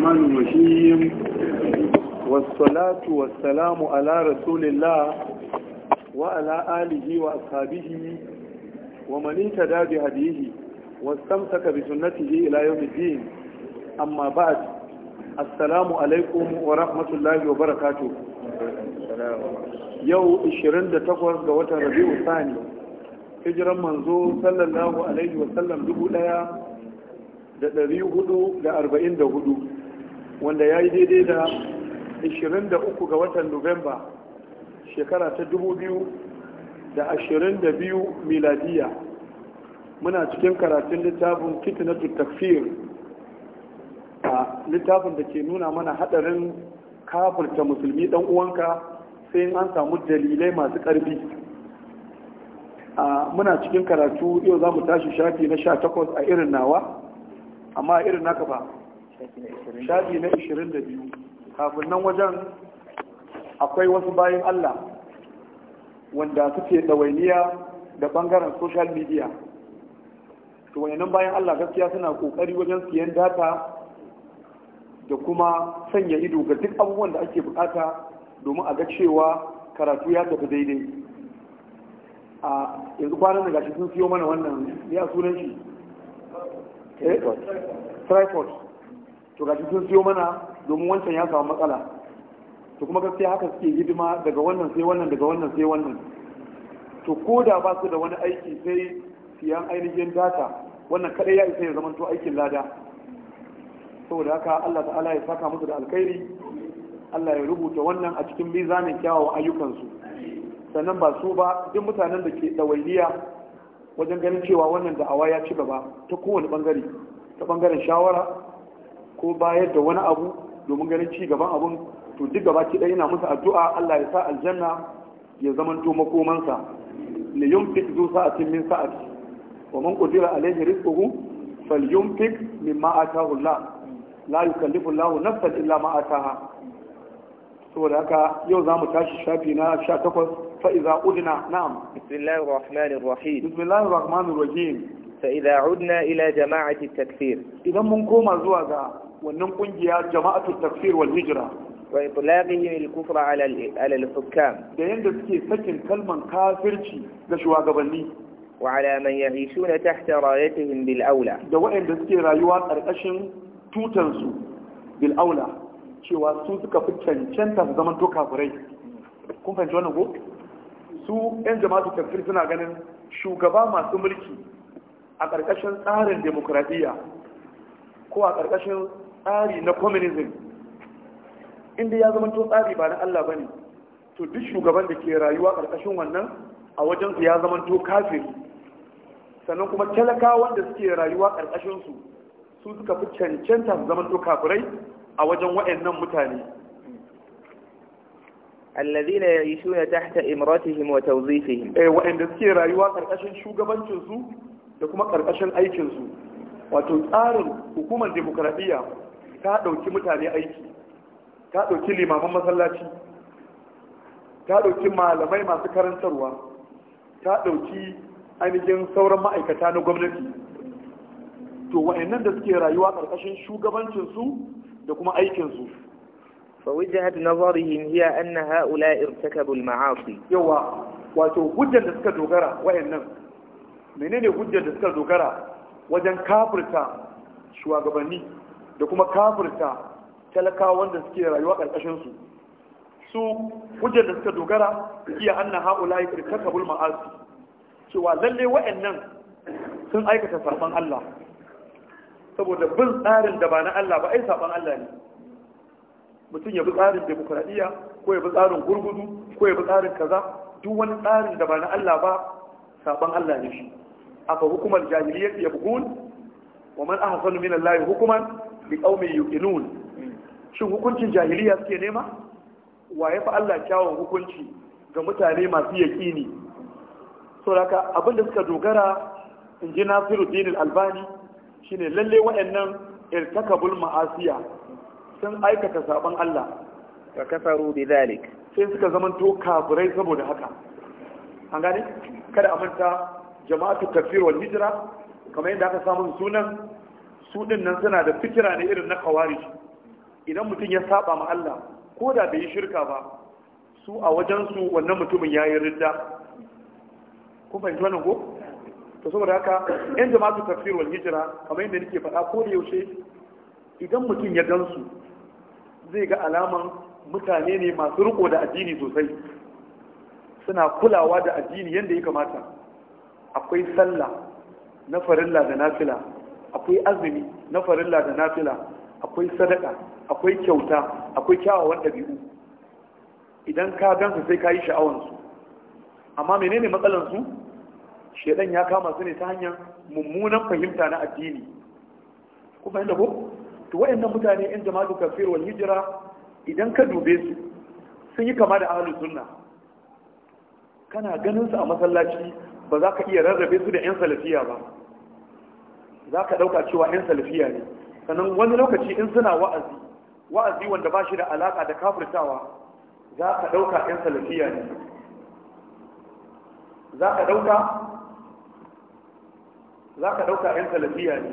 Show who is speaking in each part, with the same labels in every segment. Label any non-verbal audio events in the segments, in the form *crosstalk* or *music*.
Speaker 1: الرحمن الرحيم والصلاة والسلام على رسول الله وعلى آله وأصحابه ومن اهتدى بهديه واستمسك بسنته إلى يوم الدين أما بعد السلام عليكم ورحمة الله وبركاته يو 28 ga watan Rabiu Sani hijiran manzo sallallahu alaihi wasallam dubu daya da ɗari hudu da arba'in da hudu wanda ya yi daidai da 23 ga watan nuwamba shekara ta 2022 miladiya muna cikin karatun littafin fitnatu takfir a littafin da ke nuna mana hadarin kafirta musulmi dan uwanka sai an samu dalilai masu karfi a muna cikin karatu yau za mu tashi shafi na 18 a irin nawa amma a irin naka ba shafi na 22 kafin nan wajen akwai wasu bayan Allah wanda suke ɗawainiya da ɓangaren social media to wayannan bayan Allah gaskiya suna ƙoƙari wajen siyan data da kuma sanya ido ga duk abubuwan da ake bukata domin a ga cewa karatu ya tafi daidai a yanzu kwanan da gashi sun siyo mana wannan ya sunan shi eh, tripod to sun siyo mana domin wancan ya samu matsala to kuma gaskiya haka suke hidima daga wannan sai wannan daga wannan sai wannan to ko da ba su da wani aiki sai siyan ainihin data wannan kadai ya isa ya zama to aikin lada saboda haka Allah ta'ala ya saka musu da alkhairi Allah ya rubuta wannan a cikin mizanin kyawawan su sannan ba su ba duk mutanen da ke ɗawainiya wajen ganin cewa wannan da'awa ya ci gaba ta kowane bangare ta bangaren shawara ko bayar da wani abu domin ganin ci gaban abun to duk gaba ki ɗaya yana musu addu'a Allah ya sa aljanna ya zaman to makomansa li yumtik zu sa'atin min sa'ati wa man qadira alayhi rizquhu falyumtik mimma ataahu Allah la yukallifu Allah nafsan illa ma ataaha saboda haka yau za mu tashi shafi na
Speaker 2: 18 fa idza udna na'am bismillahir rahmanir rahim bismillahir rahmanir rahim fa idza udna ila jama'ati takfir idan mun koma zuwa ga wannan kungiya jama'atul tafsir wal hijra wa itlaqihi al kufr ala al hukam da yanda suke sakin kalman kafirci ga shugabanni wa ala man ya'ishuna tahta rayatihim bil aula da wa'anda suke rayuwa karkashin tutansu, su
Speaker 1: bil aula cewa su suka fi cancanta su zaman to kafirai kun fahimci wannan ko su yan jama'atul tafsir suna ganin shugaba masu mulki a ƙarƙashin tsarin demokradiyya ko a ƙarƙashin tsari na communism inda ya zama to tsari ba na Allah bane to duk shugaban da ke rayuwa karkashin wannan a wajen su ya zama to kafiri sannan kuma talaka wanda suke rayuwa karkashin su su suka fi cancanta su zama to kafirai a wajen waɗannan mutane الذين يعيشون تحت امرتهم وتوظيفهم اي وعند suke rayuwa karkashin shugabancin su da kuma karkashin aikin su wato tsarin hukumar demokradiyya ka ɗauki mutane aiki ka ɗauki limaman masallaci ka ɗauki malamai masu karantarwa ka ɗauki ainihin sauran ma'aikata na
Speaker 2: gwamnati to wa'annan da suke rayuwa ƙarƙashin shugabancinsu da kuma aikinsu فوجهة نظرهم هي أن هؤلاء ارتكبوا المعاصي يوا wato hujjar da suka dogara wayannan menene hujjar da
Speaker 1: suka dogara wajen kafirta shugabanni da kuma kafirta talakawa wanda suke rayuwa ƙarƙashin su su hujjar da suka dogara iya anna haula irtakabul ma'asi cewa lalle wa'annan sun aikata saban Allah saboda bin tsarin da ba na Allah ba ai saban Allah ne mutum ya bi tsarin demokradiyya ko ya bi tsarin gurgudu ko ya bi tsarin kaza duk wani tsarin da ba na Allah ba saban Allah ne shi aka hukumar jahiliyyar ya bugun wa man ahsanu min Allah hukuman bi qaumin yuqinun shin hukuncin jahiliya suke nema wa ya fa Allah kyawun hukunci ga mutane masu yaqini so abin da suka dogara in ji Nasiru Al-Albani shine lalle waɗannan irtakabul ma'asiya sun aikata saban Allah ka kafaru bi zalik sai suka zamanto kafirai saboda haka an gane kada a manta jama'atu tafsir wal hijra kamar yadda aka samu sunan su ɗin nan suna da fitira ne irin na kawari idan mutum ya saba ma Allah ko da bai yi shirka ba su a wajen su wannan mutumin ya yi ridda ko ban ji wannan ko to saboda haka yan jama'atu tafsir wal hijira kamar yadda nake faɗa ko da yaushe idan mutum ya gansu zai ga alaman mutane ne masu riko da addini sosai suna kulawa da addini yadda ya kamata akwai sallah na farilla da nafila akwai azumi na farilla da nafila akwai sadaka akwai kyauta akwai kyawawan ɗabi'u idan ka gansu sai ka yi sha'awansu amma menene matsalansu shaidan ya kama su ne ta hanyar mummunan fahimta na addini kuma yadda ko to wayannan mutane yan jama'atu kafir wal hijira idan ka dube su sun yi kama da ahlus sunna kana ganin su a masallaci ba za ka iya rarrabe su da yan salafiya ba za ka ɗauka cewa 'yan salafiya ne sannan wani lokaci in suna wa'azi wa'azi wanda ba shi da alaƙa da kafirtawa za ka ɗauka 'yan salafiya ne za ka ɗauka za ka ɗauka 'yan salafiya ne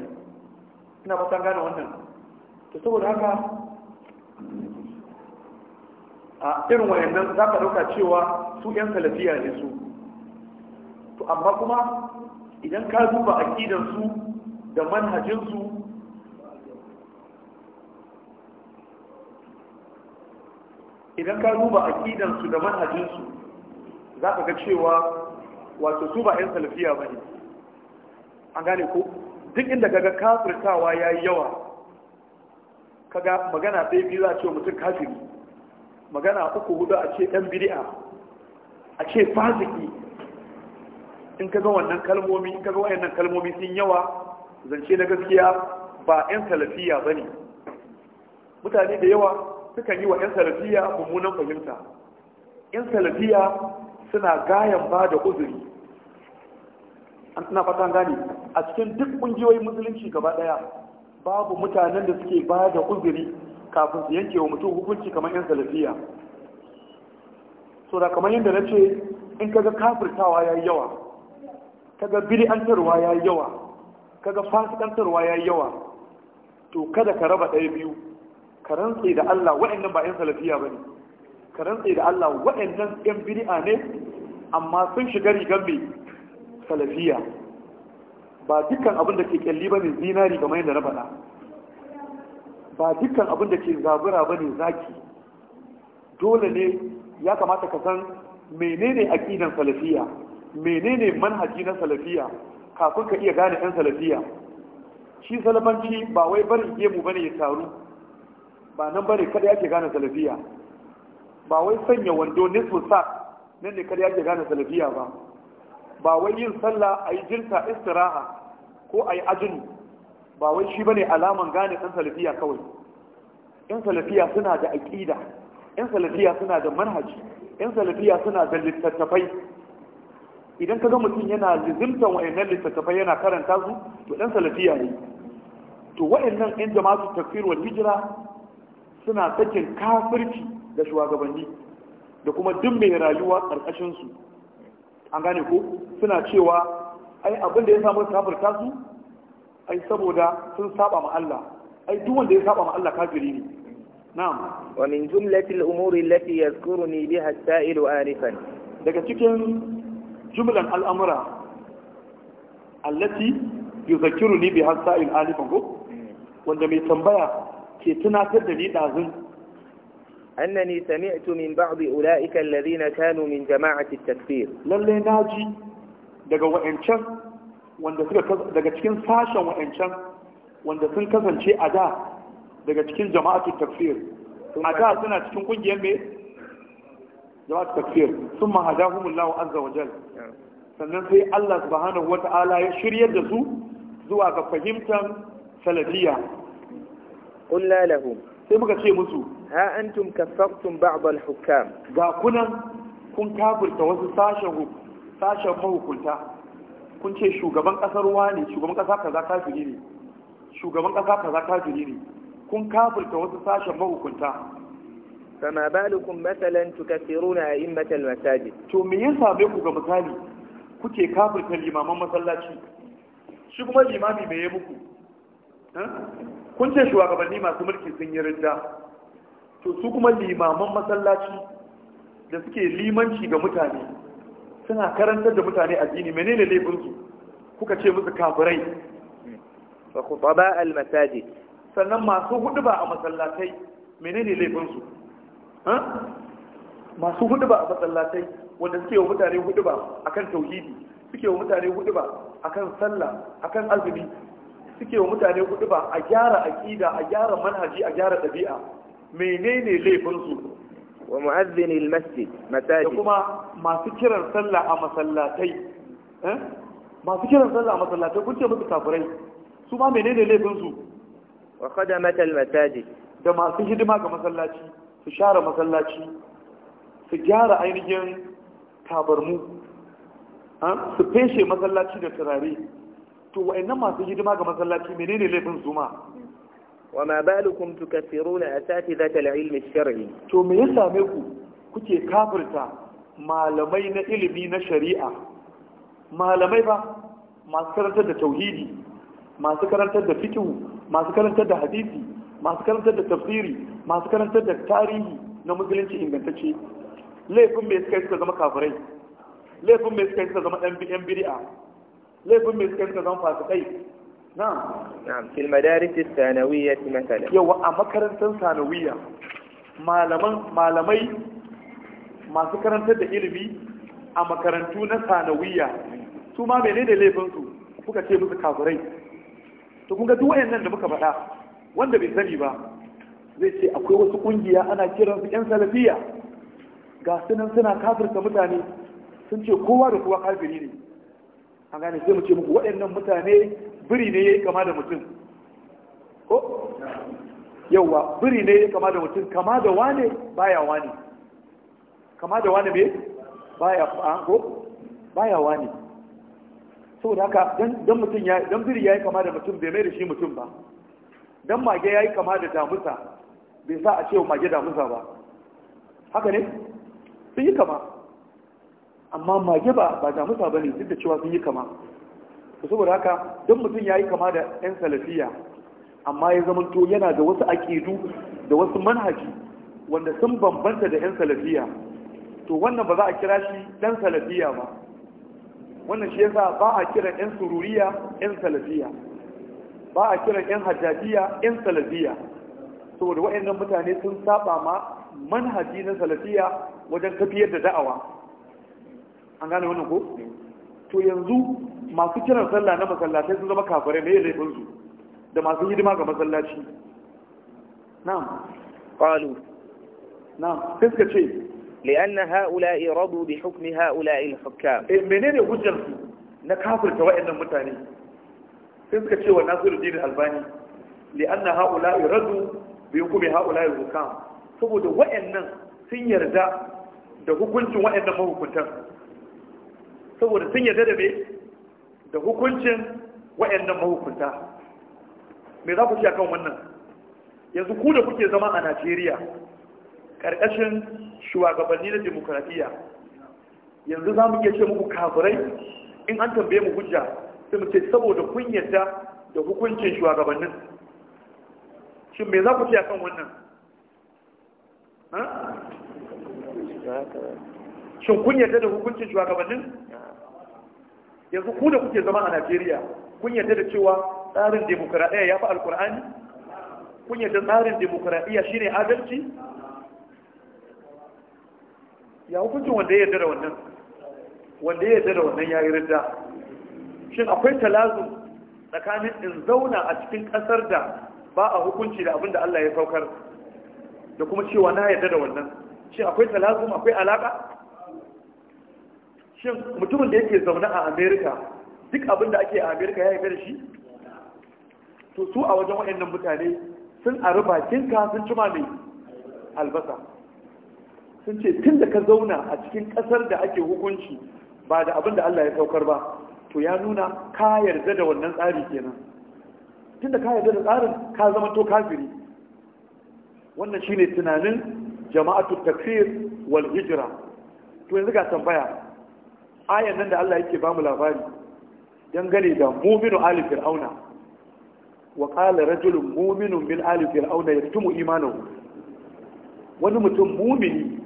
Speaker 1: ina fatan gane wannan to saboda haka a irin wayannan za ka ɗauka cewa su 'yan salafiya ne su to amma kuma idan ka duba aƙidansu da manhajinsu idan ka duba aƙidansu da manhajinsu za ka ga cewa wato su ba 'yan salafiya ba ne an gane ko duk inda ga kafirtawa ya yi yawa kaga magana ɗaya biyu za a ce mutum kafiri magana uku hudu a ce ɗan bidi'a a ce fasiki in ka kaga wannan kalmomi in kaga wayannan kalmomi sun yawa zance na gaskiya ba 'yan salafiya ba ne mutane da yawa sukan yi wa 'yan salafiya mummunan fahimta 'yan salafiya suna gayan ba da uzuri an suna fatan gane a cikin duk ƙungiyoyin musulunci gaba ɗaya babu mutanen da suke ba da uzuri kafin su yanke wa mutum hukunci kamar 'yan salafiya so da kamar yadda na ce in kaga kafirtawa ya yi yawa kaga bid'antarwa ya yi yawa kaga fasikantarwa ya yi yawa to kada ka raba ɗaya biyu ka rantse da Allah waɗannan ba 'yan salafiya ba ne ka rantse da Allah waɗannan 'yan biri'a ne amma sun shiga rigar mai salafiya ba dukkan abin da ke kyalli ba ne zinari kamar yadda na faɗa ba dukkan abin da ke zabura ba ne zaki dole ne ya kamata ka san menene aƙidan salafiya menene manhaji na salafiya kafin ka iya gane ɗan salafiya shi salafanci ba wai barin gemu bane ya taru ba nan bane kada yake gane salafiya ba wai sanya wando nisu sa nan ne kada yake gane salafiya ba ba wai yin sallah a yi jinta istiraha ko a yi ajinu ba wai shi bane alaman gane ɗan salafiya kawai ɗan salafiya suna da aƙida ɗan salafiya suna da manhaji ɗan salafiya suna da littattafai idan ka ga mutum yana lizimtan wa'annan littattafai yana karanta su to ɗan salafiya ne to wa'annan yan jama'atu tafsir wal hijira suna sakin kafirci da shugabanni da kuma duk mai rayuwa ƙarƙashinsu. su an gane ko suna cewa ai abin da ya samu kafirta
Speaker 2: su ai saboda sun saba ma Allah ai duk wanda ya saba ma Allah kafiri ne na'am wa min jumlatil umuri allati yazkuruni biha as-sa'ilu arifan daga cikin jumlan al'amura allati
Speaker 1: yuzakiru ni bi hasa'il alifan ko wanda mai tambaya ke tunatar da
Speaker 2: ni dazun annani sami'tu min ba'd ulaika alladhina kanu min jama'ati at-takfir lalle naji daga wa'ancan wanda suka
Speaker 1: daga cikin sashen wa'ancan wanda sun kasance a da daga cikin jama'atu tafsir a da suna cikin kungiyar mai jama'at takfir sun mahadahumullahu azza wa jal sannan sai Allah subhanahu wata'ala ya shiryar da su zuwa ga fahimtar salafiyya
Speaker 2: qulna lahum
Speaker 1: sai muka ce musu ha antum kafartum ba'd al-hukam ga kunan kun kafirta wasu sashen sashen mahukunta kun ce shugaban kasar wani shugaban kasa kaza kafiri ne shugaban kasa kaza kafiri ne kun kafirta wasu sashen mahukunta فما بالكم
Speaker 2: مثلا tukathiruna a'immatal المساجد
Speaker 1: to me ya same ku ga misali kuke kafirta limaman masallaci shi kuma limami me ya muku kun ce shugabanni masu mulkin sun yi ridda to su kuma limaman masallaci da suke limanci ga mutane suna karantar da mutane addini menene su kuka ce musu kafirai
Speaker 2: fa khutaba al masajid
Speaker 1: sannan masu hudu a masallatai menene laifinsu masu hudu ba a masallatai wanda suke wa mutane hudu ba kan tauhidi suke wa mutane hudu ba tsalla sallah kan azumi suke wa mutane hudu ba a gyara aƙida, a gyara manhaji a gyara ɗabi'a? menene laifinsu? wa mu'adhdhin masjid masajid kuma masu kiran sallah a masallatai eh? masu kiran sallah a masallatai kun ce musu kafirai su ma menene laifinsu? wa kada al masajid da masu hidima ga masallaci su share masallaci su gyara ainihin tabarmu su feshe masallaci da turare to wa'annan masu hidima ga masallaci menene laifin su ma
Speaker 2: wa ma balukum tukaffiruna
Speaker 1: asatidata ilm ash-shar'i to me yasa me ku kuke kafirta malamai na ilimi na shari'a malamai ba masu karantar da tauhidi masu karantar da fiqh masu karantar da hadisi masu karantar da tafsiri masu karantar da tarihi na musulunci ingantacce laifin mai suka yi suka zama kafirai laifin mai suka yi suka zama ɗan biri'a, laifin mai suka yi suka zama fasikai na
Speaker 2: na'am fil madaris sanawiyya masalan yawa a makarantar
Speaker 1: sanawiyya malaman malamai masu karantar da ilimi a makarantu na sanawiyya su ma menene laifin su kuka ce musu kafirai to kun ga duk wayannan da muka faɗa wanda bai sani ba zai ce akwai wasu kungiya ana kiran su yan salafiya ga sunan suna kafirta mutane sun ce kowa da kowa kafiri ne an gane sai mu ce muku waɗannan mutane biri ne yayi kama da mutum ko yawa biri ne yayi kama da mutum kama da wane baya wane kama da wane me baya an ko baya wane saboda haka dan mutum ya dan biri yayi kama da mutum bai mai da shi mutum ba dan mage ya yi kama da damusa bai sa a ce mage damusa ba haka ne sun yi kama amma mage ba ba damusa bane duk da cewa sun yi kama to saboda haka dan mutum ya yi kama da yan salafiya amma ya zamanto yana da wasu aƙidu da wasu manhaji wanda sun bambanta da yan salafiya to wannan ba za a kira shi dan salafiya ba wannan shi yasa ba a kira yan sururiya yan salafiya ba a kiran yan hajjajiya yan salafiya saboda wa'annan mutane sun saba ma manhaji na salafiya wajen tafiyar da da'awa an gane wannan ko to yanzu masu kiran sallah na masallatai sun zama kafare mai laifin su da masu hidima ga masallaci
Speaker 2: na'am qalu na'am sai suka ce لأن هؤلاء رضوا بحكم هؤلاء الحكام إيه منين na نكافر كوائنا mutane?
Speaker 1: sai suka ce wa nasiruddin albani anna haula iradu bi hukumi haula hukam saboda wayannan sun yarda da hukuncin wayannan mahukuntan saboda sun yarda da me da hukuncin wayannan mahukunta me za ku ci akan wannan yanzu ku da kuke zama a Najeriya karkashin shugabanni na demokradiya yanzu za mu iya ce muku kafirai in an tambaye mu hujja sai mutum saboda kun da hukuncin shugabannin shin me za ku ce kan wannan shin kun da hukuncin shugabannin yanzu ku da kuke zama a Najeriya kun da cewa tsarin demokradiyya ya fi alkur'ani kun tsarin tsarin shi ne adalci ya hukuncin wanda ya yarda da wannan wanda ya yarda da wannan ya yi rinda shin akwai talazu tsakanin in zauna a cikin kasar da ba a hukunci da abin da Allah ya saukar da kuma cewa na yarda da wannan shin akwai talazu akwai alaka shin mutumin da yake zaune a America duk abin da ake a America ya yarda da shi to su a wajen waɗannan mutane sun a bakinka ka sun cima mai albasa sun ce tun da ka zauna a cikin ƙasar da ake hukunci ba da abin da Allah ya saukar ba to ya nuna ka yarda da wannan tsari kenan tunda ka yarda da tsarin ka zama to kafiri wannan shine tunanin jama'atu takfir wal hijra to yanzu ga tambaya ayan nan da Allah yake bamu labari dangane da mu'minu ali fir'auna wa qala rajulun mu'minun min ali fir'auna yaktumu imanahu wani mutum mumini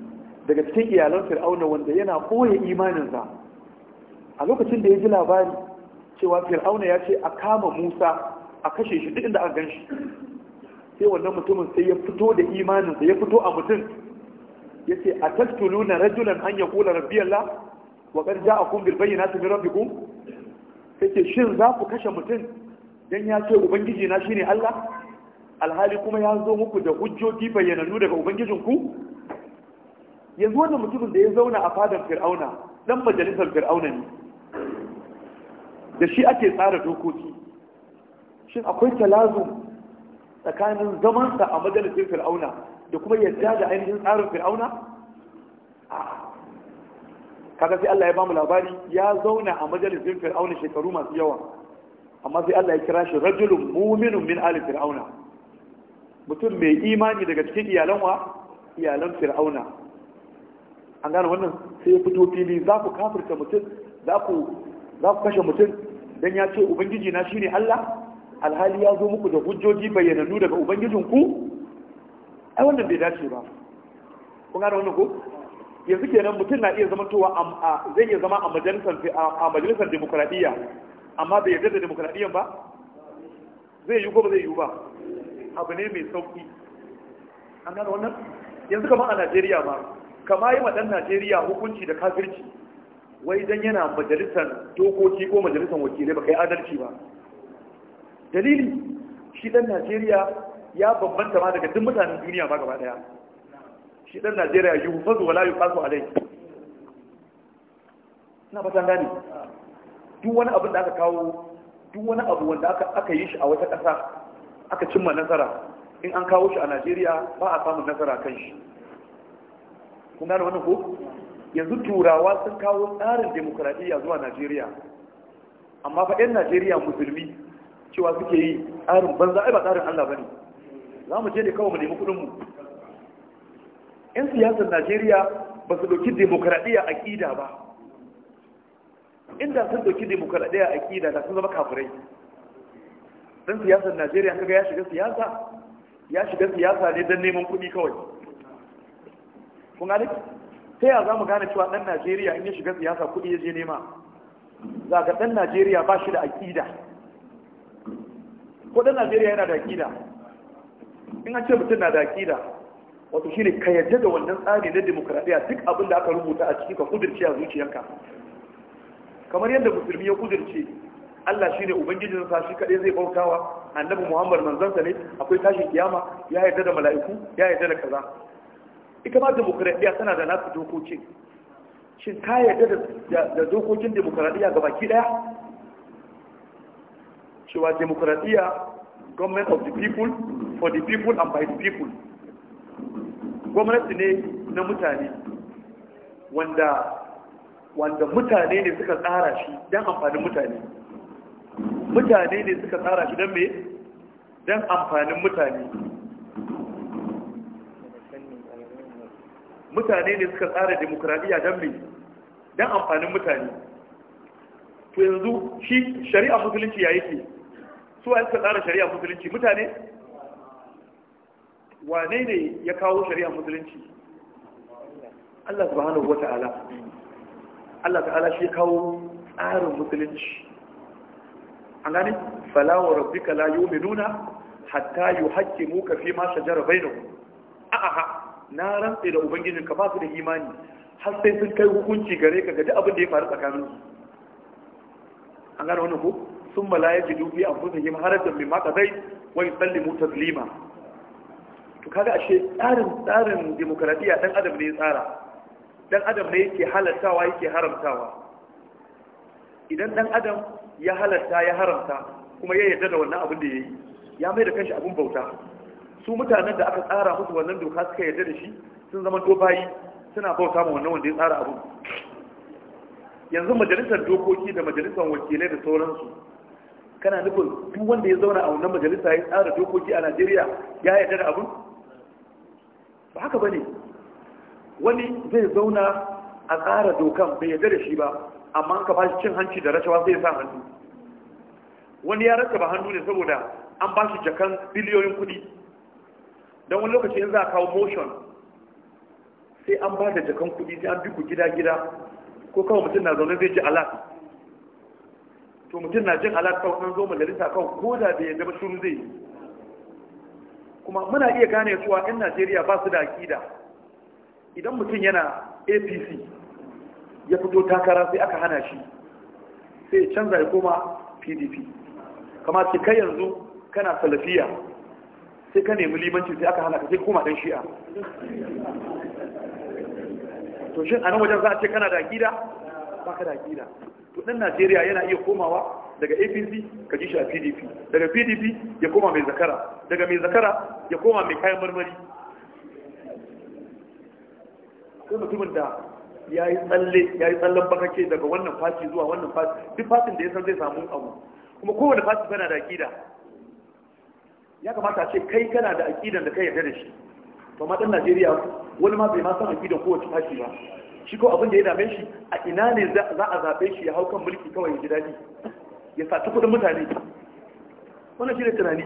Speaker 1: daga cikin iyalan fir'auna wanda yana koya imaninsa a lokacin da ya ji labari cewa fir'auna ya ce a kama musa a kashe shi duk inda a gan shi sai wannan mutumin sai ya fito da imaninsa ya fito a mutum ya ce a na rajulan an ya kula rabbi Allah wa kan ja akun bil bayyinati min rabbikum yace shin za ku kashe mutum dan ya ce ubangiji na shine Allah alhali kuma ya zo muku da hujjoji bayyananu daga ubangijinku yanzu wannan mutumin da ya zauna a fadar fir'auna dan majalisar fir'auna ne da shi ake tsara dokoki shin akwai talazu tsakanin zamansa a majalisar fir'auna da kuma yadda da ainihin tsarin fir'auna kaga sai Allah ya bamu labari ya zauna a majalisar fir'auna shekaru masu yawa amma sai Allah ya kira shi rajulun mu'minun min ali fir'auna mutum mai imani daga cikin iyalan wa iyalan fir'auna an gane wannan sai ya fito fili za ku kafirta mutum za ku kashe mutum dan ya ce ubangiji na shine Allah alhali ya zo muku da hujjoji bayyanannu daga ubangijinku ai wannan bai dace ba kun gane wannan ko yanzu kenan mutum na iya zama towa zai iya zama a majalisar a majalisar demokradiyya amma bai yarda da demokradiyyan ba zai yi ko ba zai yi ba abu ne mai sauki an gane wannan yanzu kamar a Najeriya ba kama yi ɗan najeriya hukunci da kafirci wai don yana majalisar dokoki ko majalisar wakilai ba kai adalci ba dalili shi ɗan najeriya ya bambanta ma daga duk mutanen duniya ba gaba ɗaya shi ɗan najeriya yi hufazu wala yi fasu alai na fatan gani duk wani abin da aka kawo duk wani abu wanda aka yi shi a wata ƙasa aka cimma nasara in an kawo shi a najeriya ba a samun nasara kan shi kun gane wannan ko yanzu turawa sun kawo tsarin demokradiyya zuwa najeriya amma fa 'yan najeriya musulmi cewa suke yi tsarin banza ai ba tsarin allah ba ne za mu je ne kawo mu nemi kudinmu 'yan siyasar najeriya ba su ɗauki demokradiyya a ƙida ba inda sun ɗauki demokradiyya a ƙida da sun zama kafirai dan siyasar najeriya kaga ya shiga siyasa ya shiga siyasa ne don neman kuɗi kawai kun gane ta yaya za mu gane cewa ɗan najeriya in ya shiga siyasa kuɗi ya je nema za ga ɗan najeriya ba shi da aƙida ko ɗan najeriya yana da aƙida in an ce mutum na da aƙida wato shi ne ka yadda da wannan tsari na demokuraɗiyya duk abin da aka rubuta a ciki ka kudirce a zuciyarka kamar yadda musulmi ya kudirce Allah shi ne Ubangijinsa shi kaɗai zai bautawa annabi Muhammad manzansa ne akwai tashin kiyama ya yarda da mala'iku ya yarda da kaza ita ma demokuraɗiyya tana da nasu dokokin shin ka yadda da dokokin demokuraɗiyya ga baki ɗaya cewa demokuraɗiyya government of the people for the people and by the people gwamnati ne na mutane wanda wanda mutane ne suka tsara shi don amfanin mutane mutane ne suka tsara shi don me don amfanin mutane mutane ne suka tsara demokradiyya don me don amfanin mutane to yanzu shi shari'a musulunci ya yake su a suka tsara shari'a musulunci mutane wane ne ya kawo shari'a musulunci Allah subhanahu wa ta'ala Allah ta'ala shi ya kawo tsarin musulunci an gani falawa rabbika la yu'minuna hatta yuhaqqimuka fi ma shajara bainahum a'a na rantse da ubangijin ka ba su da imani har sai sun kai hukunci gare ka ga duk abin da ya faru tsakanin su an gane wani ko sun mala ya ji dubi a fusa har da bi maka zai wa yusallimu taslima to kaga ashe tsarin tsarin demokradiya dan adam ne ya tsara dan adam ne yake halaltawa yake haramtawa idan dan adam ya halatta ya haramta kuma ya yarda da wannan abin da yayi ya mai da kanshi abin bauta su mutanen da aka tsara musu wannan doka suka yarda da shi sun zama dobayi suna bauta ma wannan wanda ya tsara abu yanzu majalisar dokoki da majalisar wakilai da sauransu kana nufin duk wanda ya zauna a wannan majalisa ya tsara dokoki a Najeriya ya yarda da abun ba haka bane wani zai zauna a tsara dokan bai yarda da shi ba amma an ka ba shi cin hanci da rashawa sai ya sa hannu wani ya rasa ba hannu ne saboda an ba shi jakan biliyoyin kuɗi don wani lokaci in za a kawo motion sai an ba da jakan kuɗi sai an bi ku gida-gida ko kawo mutum na zaune zai ji alat to mutum na jin alat kawo an zo majalisa kawai ko da bai yadda ba shuru zai yi kuma muna iya gane cewa 'yan najeriya ba su da akida idan mutum yana apc ya fito takara sai aka hana shi sai canza ya koma pdp kama ke kai yanzu kana salafiya sai ka nemi limanci sai aka hana ka sai koma dan shi'a to shin a nan wajen za a ce kana da akida ba ka da akida to dan Najeriya yana iya komawa daga APC ka ji shi a PDP daga PDP ya koma mai zakara daga mai zakara ya koma mai kayan marmari sai mutumin da ya yi tsalle ya yi tsallen bakake daga wannan fashi zuwa wannan fashi duk fasin da ya san zai samu abu kuma kowane fashi bana da akida ya kamata a ce kai kana da aƙidan da ka yarda da shi to ma Najeriya wani ma bai ma san aƙidan kowace tashi ba shi ko abin da ya dame shi a ina ne za a zaɓe shi ya hau kan mulki kawai ya ji daɗi ya saci kuɗin mutane wannan shi ne tunani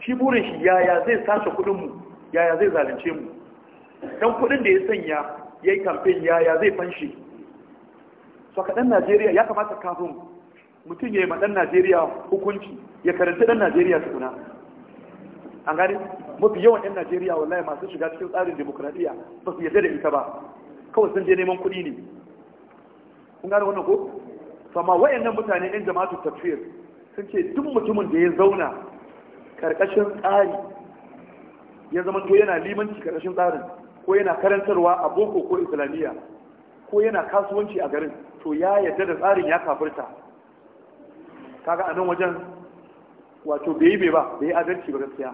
Speaker 1: shi burin shi yaya zai sace kuɗinmu yaya zai zalunce mu dan kuɗin da ya sanya ya yi kamfen yaya zai fanshi so ka najeriya ya kamata kafin mutum ya yi ma ɗan najeriya hukunci ya karanta ɗan najeriya tukuna an gani mafi yawan 'yan najeriya wallahi masu shiga cikin tsarin demokradiyya ba su yarda da ita ba kawai sun je neman kuɗi ne kun gane wannan ko wa'yan wayannan mutane 'yan jama'atu tafiyar sun ce duk mutumin da ya zauna karkashin tsari ya zama to yana limanci karkashin tsarin ko yana karantarwa a boko ko islamiyya ko yana kasuwanci a garin to ya yarda da tsarin ya kafirta kaga a nan wajen wato bai yi bai ba bai yi adalci ba gaskiya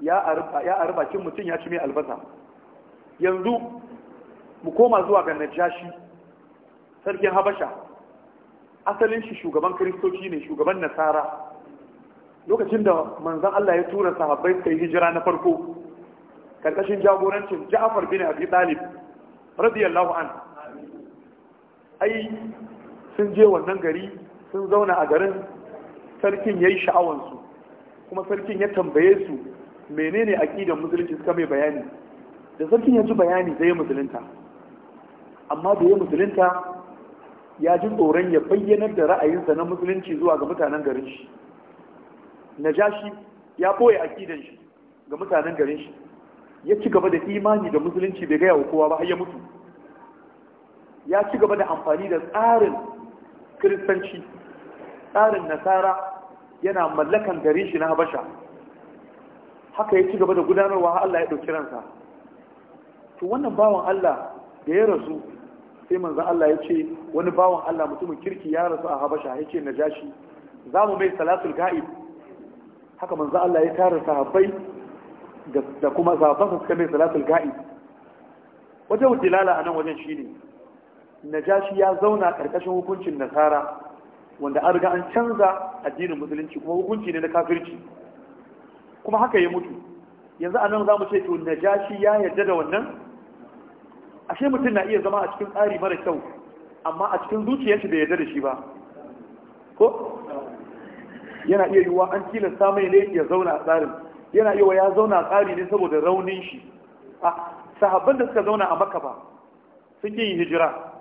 Speaker 1: ya ari cin mutum ya ci mai albasa yanzu mu koma zuwa ga najashi sarkin habasha asalin shi shugaban kiristoci ne shugaban nasara lokacin da manzan Allah ya tura sahabbai suka yi hijira na farko karkashin jagorancin ja'afar bin abi talib radiyallahu an ai sun je wannan gari sun zauna a garin sarkin ya yi sha'awansu kuma sarkin ya tambaye su menene aqidar musulunci suka mai bayani da sarkin ya ji bayani zai musulunta amma da ya musulunta ya ji tsoron ya bayyanar da ra'ayinsa na musulunci zuwa ga mutanen garin shi najashi ya boye aqidar shi ga mutanen garin shi ya ci gaba da imani da musulunci bai gaya wa kowa ba har ya mutu ya ci gaba da amfani da tsarin kiristanci tsarin nasara yana mallakan garin shi na habasha haka ya ci gaba da gudanarwa har Allah ya ɗauki ransa to wannan bawan Allah da ya rasu sai manzan Allah ya ce wani bawan Allah mutumin kirki ya rasu a Habasha ya ce Najashi za mu mai salatul ga'ib haka manzan Allah ya tara sahabbai da kuma su suka mai salatul ga'ib wajen dilala a nan wajen shine Najashi ya zauna karkashin hukuncin Nasara wanda an riga an canza addinin musulunci kuma hukunci ne na kafirci kuma haka ya mutu yanzu a nan za mu ce to najashi ya yarda da wannan ashe mutum na iya zama a cikin tsari mara kyau amma a cikin zuciyarsa bai yarda da shi ba ko yana iya yiwuwa an tilasta mai ne ya zauna a tsarin yana iya ya zauna a tsari ne saboda raunin shi a sahabban da suka zauna a maka ba sun yi hijira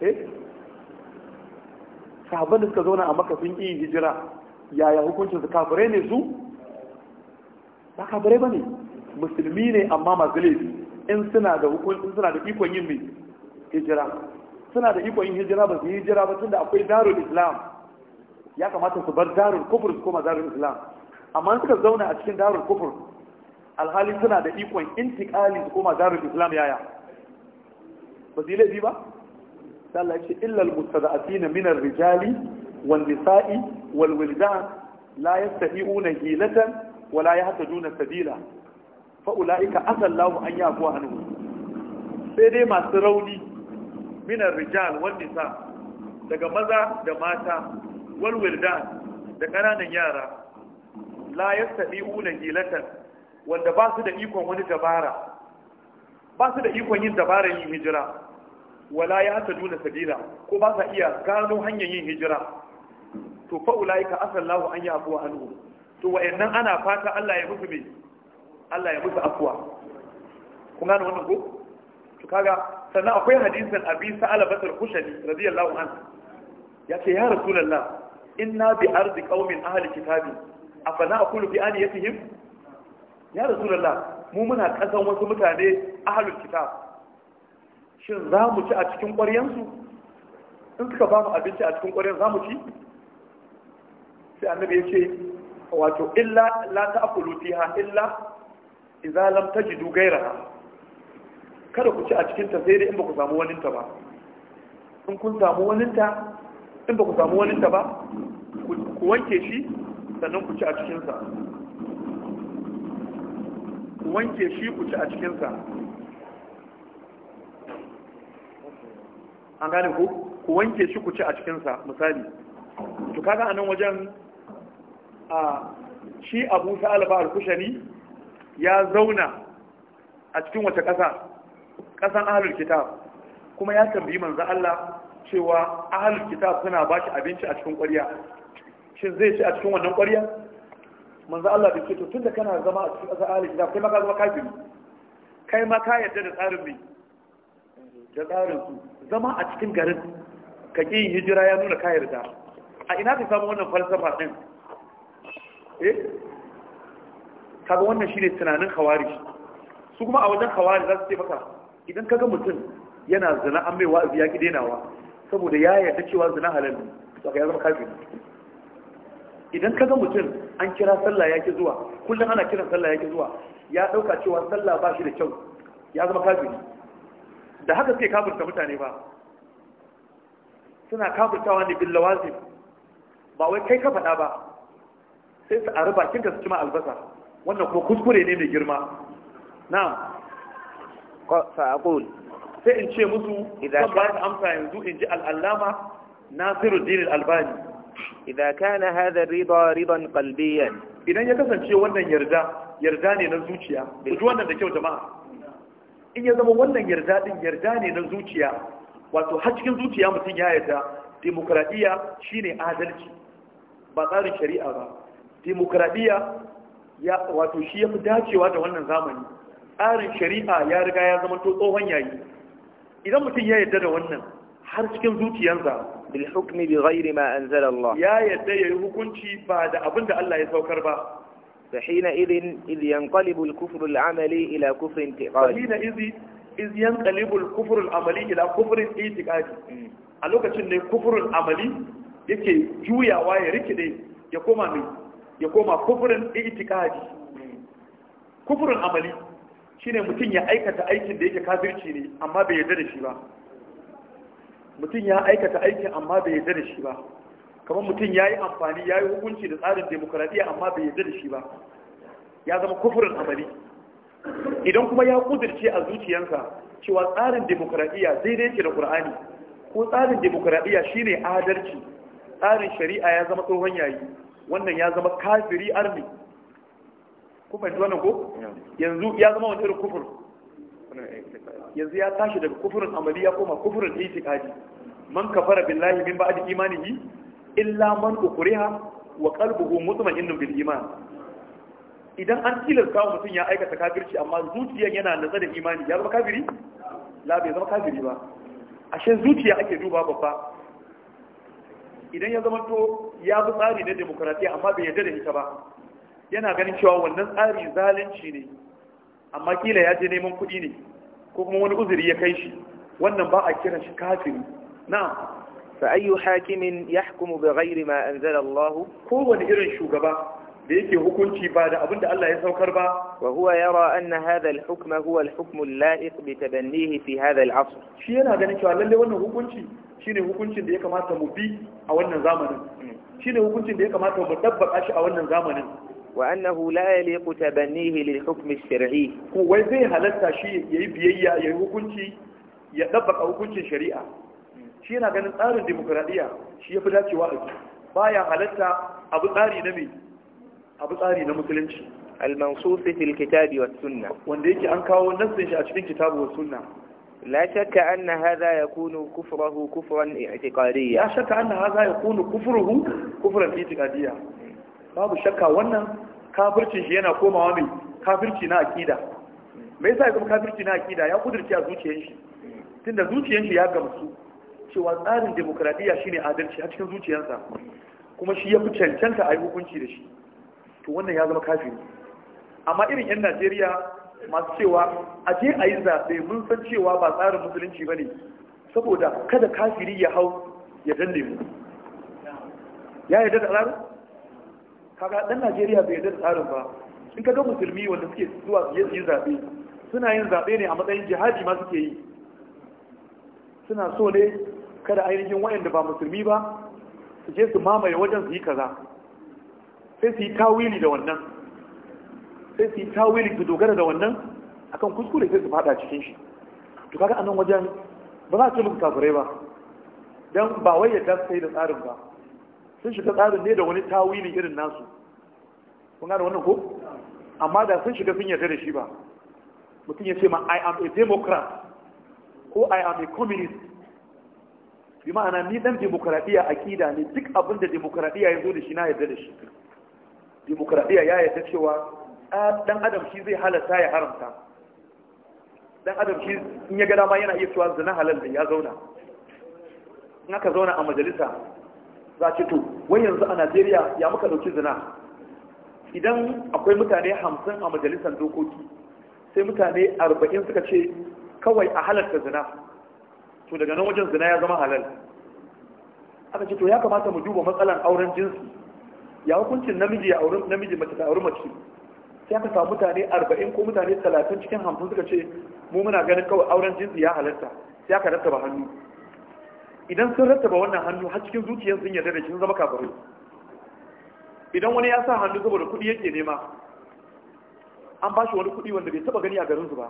Speaker 1: eh sahabban da suka zauna a maka sun yi hijira yaya hukuncin su kafirai ne su ba kafirai ba ne musulmi ne amma masu laifi in suna da hukuncin suna da ikon yin mai hijira suna da ikon yin hijira ba su yi hijira ba tunda akwai darul islam ya kamata su bar darul kufur su koma darul islam amma suka zauna a cikin darul kufur alhali suna da ikon intikali su koma darul islam yaya ba su yi laifi ba Allah ya ce illal mustada'atina minar rijali wan nisa'i wal wildan la yastahiuna hilatan wala yahtaduna sabila fa ulaika asallahu an yafu anhu sai dai masu rauni minar rijal wan nisa daga maza da mata wal da ƙananan yara la yastahiuna hilatan wanda ba su da ikon wani dabara ba su da ikon yin dabarar yin hijira wala ya ta duna sabila ko ba sa iya gano hanyar yin hijira to fa ulaika asallahu an yafu anhu to wayannan ana fata Allah ya mutu me Allah ya mutu afwa kun gane wannan ko to kaga sannan akwai hadisin abi sa'ala batul kushani radiyallahu anhu yace ya rasulullah inna bi ardi qaumin ahli kitabi afana aqulu bi aniyatihim ya rasulullah mu muna kasan wasu mutane ahalin kitab shin za mu ci a cikin ƙwaryansu in suka ba mu abinci a cikin ƙwaryan za mu ci sai annabi ya ce wato illa la ta'kulu fiha illa idza lam tajidu ghayraha kada ku ci a cikin ta sai dai in ba ku samu wani ta ba in kun samu wani ta in ba ku samu wani ta ba ku wanke shi sannan ku ci a cikin sa ku wanke shi ku ci a cikin sa an gane ku ku wanke shi ku ci a cikin sa misali to kaga anan wajen a shi abu sa'alaba al-kushani ya zauna a cikin wata ƙasa ƙasan ahalul kitab kuma ya tambayi manzo Allah cewa ahalul kitab suna ba shi abinci a cikin ƙwariya. shin zai ci a cikin wannan ƙwariya manzo Allah bai ce to tunda kana zama a cikin ƙasa ahalul kitab kai ma ka zama kafiri kai ma ka yarda da tsarin mai da tsarin su zama a cikin garin ka ƙi hijira ya nuna ka yarda a ina ka samu wannan falsafa din Eh? kaga wannan shine tunanin khawarij su kuma a wajen khawarij za su ce maka idan kaga mutum yana zina an mai wa'azi ya ki denawa saboda ya yarda cewa zina halal ne to ka ya zama kafiri idan kaga mutum an kira sallah ya ki zuwa kullum ana kiran sallah ya ki zuwa ya dauka cewa sallah ba shi da kyau ya zama kafiri da haka sai kafirta mutane ba suna kafirtawa ne bil lawazim ba wai kai ka faɗa ba sai su ari bakin ta su cima albasa wannan kuma kuskure ne mai girma na'am fa'aqul sai in ce musu idan ba ta amsa yanzu in ji al'allama
Speaker 2: Nasiruddin al-Albani idan kana hada riba riban qalbiyan idan ya kasance wannan yarda yarda ne na
Speaker 1: zuciya duk wannan da kyau jama'a in ya zama wannan yarda din yarda ne na zuciya wato har cikin zuciya mutum ya yarda demokradiya shine adalci ba tsarin shari'a ba demokradiyya ya wato shi ya fi dacewa da wannan zamani tsarin shari'a ya riga ya zama to tsohon yayi idan mutum ya yarda da wannan har cikin zuciyarsa bil hukmi bi ghairi ma anzala Allah ya yarda yayi
Speaker 2: hukunci ba da abin da Allah ya saukar ba فحين إذ إذ ينقلب الكفر العملي إلى كفر انتقادي فحين إذ إذ ينقلب الكفر amali ila
Speaker 1: كفر انتقادي hmm. a lokacin ne kufurul amali yake juyawa ya rikide ya koma mai ya koma kufurin itikadi kufurin amali shine mutum ya aikata aikin da yake kafirci ne amma bai yarda da shi ba mutum ya aikata aikin amma bai yarda da shi ba kamar mutum ya yi amfani ya yi hukunci da tsarin demokradiyya amma bai yarda da shi ba ya zama kufurin amali idan kuma ya kudirce a zuciyarsa cewa tsarin demokradiyya daidai yake da qur'ani ko tsarin demokradiyya shine adalci tsarin shari'a ya zama tsohon yayi wannan ya zama kafiri armi.
Speaker 2: ku fahimci wannan ko
Speaker 1: yanzu ya zama wani irin kufur yanzu ya tashi daga kufurin amali ya koma kufurin itikadi man kafara billahi min ba'di imanihi illa man ukriha wa qalbuhu mutma'innun bil iman idan an tilasta wa mutum ya aikata kafirci amma zuciyan yana natsa da imani ya zama kafiri la bai zama kafiri ba ashe zuciya ake duba babba idan ya zama to ya bi tsari na demokratiya amma bai yarda da ita ba yana ganin cewa wannan tsari zalunci ne amma kila ya je neman kuɗi ne ko kuma wani uzuri ya kai shi wannan ba a kiran shi kafiri na fa ayyu hakimin yahkumu bi ghairi ma anzala Allah
Speaker 2: kowane irin shugaba da yake hukunci ba da abin da Allah ya saukar ba wa huwa yara anna hadha al-hukm huwa al-hukm al-la'iq bi tabannihi fi hadha al-'asr shi yana ganin cewa lalle
Speaker 1: wannan hukunci shine hukuncin da ya kamata mu bi a wannan zamanin shine hukuncin da ya kamata mu dabbaka shi a wannan zamanin wa annahu la yaliqu tabannihi lil hukm ash-shar'i ko wai zai halatta shi yayi biyayya yayi hukunci ya dabbaka hukuncin shari'a shi yana ganin tsarin demokradiya shi yafi dacewa a baya halatta abu tsari na mai abu tsari na musulunci al-mansusi fil kitabi was sunna wanda yake an kawo nassin shi a cikin kitabu was sunna
Speaker 2: la shakka anna hadha yakunu kufruhu kufran i'tiqadiyya la shakka anna hadha yakunu kufruhu
Speaker 1: kufran i'tiqadiyya babu shakka wannan kafirci shi yana komawa mai kafirci na aqida me yasa kuma kafirci na aqida ya kudurci a zuciyar shi tunda zuciyar shi ya gamsu cewa tsarin demokradiya shine adalci a cikin zuciyarsa kuma shi ya fi cancanta a yi hukunci da shi to wannan ya zama kafiri amma irin yan najeriya masu cewa a je a yi zaɓe mun san cewa ba tsarin musulunci ba ne saboda kada kafiri ya hau ya danne mu ya yarda da tsarin kaga ɗan najeriya bai yarda da tsarin ba in ka ga musulmi wanda suke zuwa su yi zaɓe suna yin zaɓe ne a matsayin jihadi ma suke yi suna so ne kada ainihin wayanda ba musulmi ba su je su mamaye wajen su yi kaza sai su yi tawili da wannan sai su yi tawili su dogara da wannan akan kuskure sai su fada cikin shi to kaga anan wajen ba za su yi kafirai ba dan ba wai yadda sai da tsarin ba sun shiga tsarin ne da wani tawili irin nasu kun ga wannan ko amma da sun shiga sun yarda da shi ba mutum ya ce ma i am a democrat ko i am a communist bi ma'ana ni dan demokradiya akida ne duk abin da demokradiya ya zo da shi na yarda da shi demokradiyya ya yarda cewa ɗan adam shi zai halatta ya haramta Ɗan adam shi in ya ga dama yana iya cewa zina halal da ya zauna in aka zauna a majalisa za ce to wai yanzu a Najeriya ya muka dauki zina idan akwai mutane hamsin a majalisar dokoki sai mutane arba'in suka ce kawai a halarta zina to daga nan wajen zina ya zama halal aka ce to ya kamata mu duba matsalar auren jinsi ya hukuncin namiji ya auri namiji mace ta auri mace sai aka samu mutane arba'in ko mutane talatin cikin hamsin suka ce mu muna ganin kawai auren jinsi ya halatta sai aka rattaba hannu idan sun rattaba wannan hannu har cikin zuciyar sun yarda da shi sun zama kafirai idan wani ya sa hannu saboda kuɗi yake nema an ba shi wani kuɗi wanda bai taɓa gani a garin su ba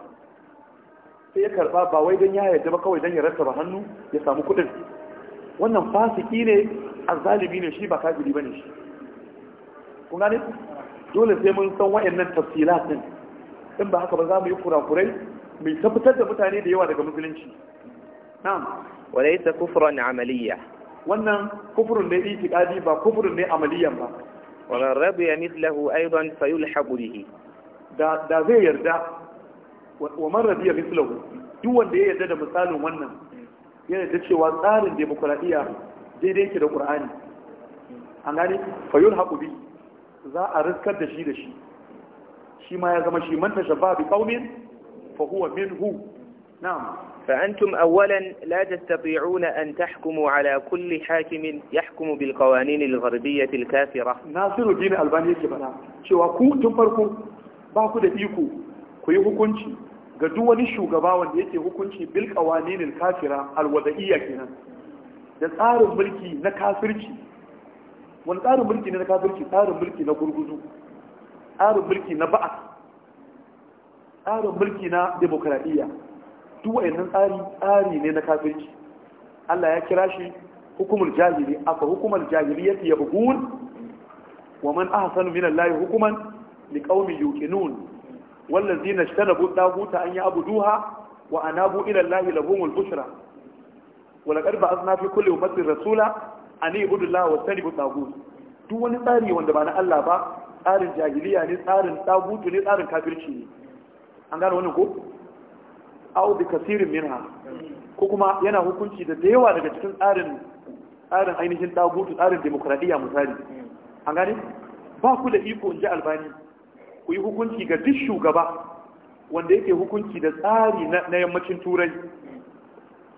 Speaker 1: sai ya karɓa ba wai don ya yarda ba kawai don ya rattaba hannu ya samu kuɗin wannan fasiki ne azzalimi ne shi ba kafiri ba ne shi kun gane dole sai mun san wayannan tafsilat din in ba haka ba za mu yi kurakurai mai tabbatar da mutane da yawa daga musulunci na'am
Speaker 2: walaysa kufran amaliya. wannan kufrun ne itiqadi ba kufurin ne amaliyan ba wa man rabiya mithlahu aidan fayulhaqu bihi da zai
Speaker 1: yarda wa man rabiya mithlahu duk wanda ya yarda da misalin wannan ya yarda cewa tsarin demokradiya daidai yake da qur'ani an gane fayulhaqu bihi za a riskar da shi da shi shi ma ya zama shi man tashabba
Speaker 2: bi qaumin fa huwa minhu na'am fa antum awwalan la tastati'una an tahkumu ala kulli hakimin yahkumu bil qawanin al gharbiyyah al kafira
Speaker 1: Nasiruddin
Speaker 2: Albani yake bada.
Speaker 1: cewa ku tun farko ba ku da iko ku yi hukunci ga duk wani shugaba wanda yake hukunci bil qawanin al kafira al kenan da tsarin mulki na kafirci wani tsarin mulki ne na kafirci tsarin mulki na gurguzu tsarin mulki na ba'a tsarin mulki na demokradiyya duk wayannan tsari tsari ne na kafirci Allah ya kira shi hukumar jahili hukumar jahili ya jahiliyyati bugun? wa man ahsanu min Allah hukuman liqaumin yuqinun wallazina ishtanabu daguta an ya'buduha wa anabu ila Allah lahumul bushra ولقد بعثنا في كل أمة رسولا ani ibudullah wa tanibu tagut duk wani tsari wanda ba na Allah ba tsarin jahiliya ne tsarin tagutu ne tsarin kafirci ne an gane wannan ko au bi kasirin minha ko kuma yana hukunci da dayawa yawa daga cikin tsarin tsarin ainihin tagutu tsarin demokradiyya misali an gane ba ku da iko in ji albani ku yi hukunci ga duk shugaba wanda yake hukunci da tsari na yammacin turai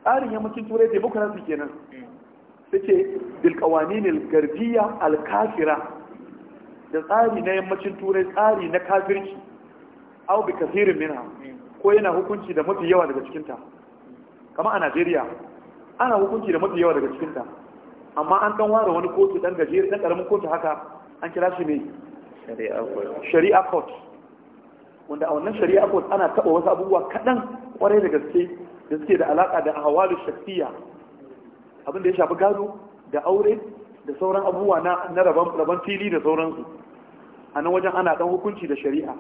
Speaker 1: tsarin yammacin turai demokrasi kenan suke bilkawaninil garbiya alkafira da tsari na yammacin turai tsari na kafirci au bi kafirin minha ko yana hukunci da mafi yawa daga cikinta kama a najeriya ana hukunci da mafi yawa daga cikinta amma an kan ware wani kotu dan gajeri dan karamin kotu haka an kira shi ne shari'a court wanda a wannan shari'a court ana taba wasu abubuwa kaɗan kwarai da gaske da suke da alaƙa da ahwalu shafiya abin da ya shafi gado da aure da sauran abubuwa na rabon fili da sauransu a nan wajen ana dan hukunci da shari'a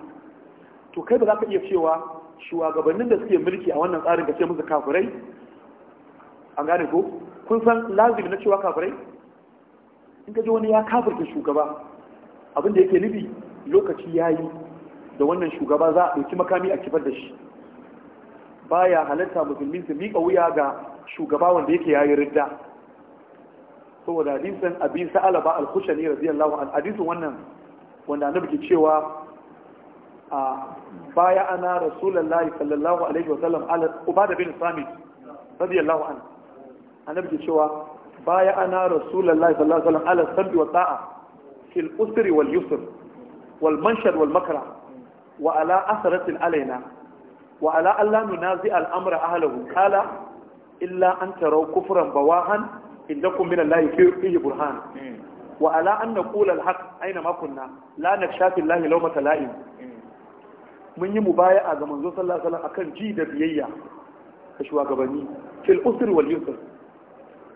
Speaker 1: to kai ba za ka iya cewa shugabannin da suke mulki a wannan tsarin ka ce musu kafirai an gane ko kun san lazimi na cewa kafirai in ka ji wani ya kafirta shugaba abin da yake nufi lokaci ya yi da wannan shugaba za a ɗauki makami a kifar da shi baya halatta musulmi su miƙa wuya ga shugaba wanda yake yayi ridda saboda hadisin abi sa'alaba al-khushani radiyallahu an hadisin wannan wanda annabi ke cewa a baya ana rasulullahi sallallahu alaihi wa sallam ala ubada bin samit radiyallahu an annabi ke cewa baya ana rasulullahi sallallahu alaihi wa sallam ala sabbi wa ta'a fil usri wal yusr wal manshar wal makra wa ala asratin alaina wa ala alla nunazi al amra ahlahu qala illa an tarau kufran bawahan indakum min Allah fihi burhan hmm. wa ala an naqula al-haq aina ma kunna la nakhsha fi Allah lawmata la'im hmm. mun yi mubaya'a ga manzo sallallahu alaihi wasallam akan ji da biyayya ga shugabanni fil usri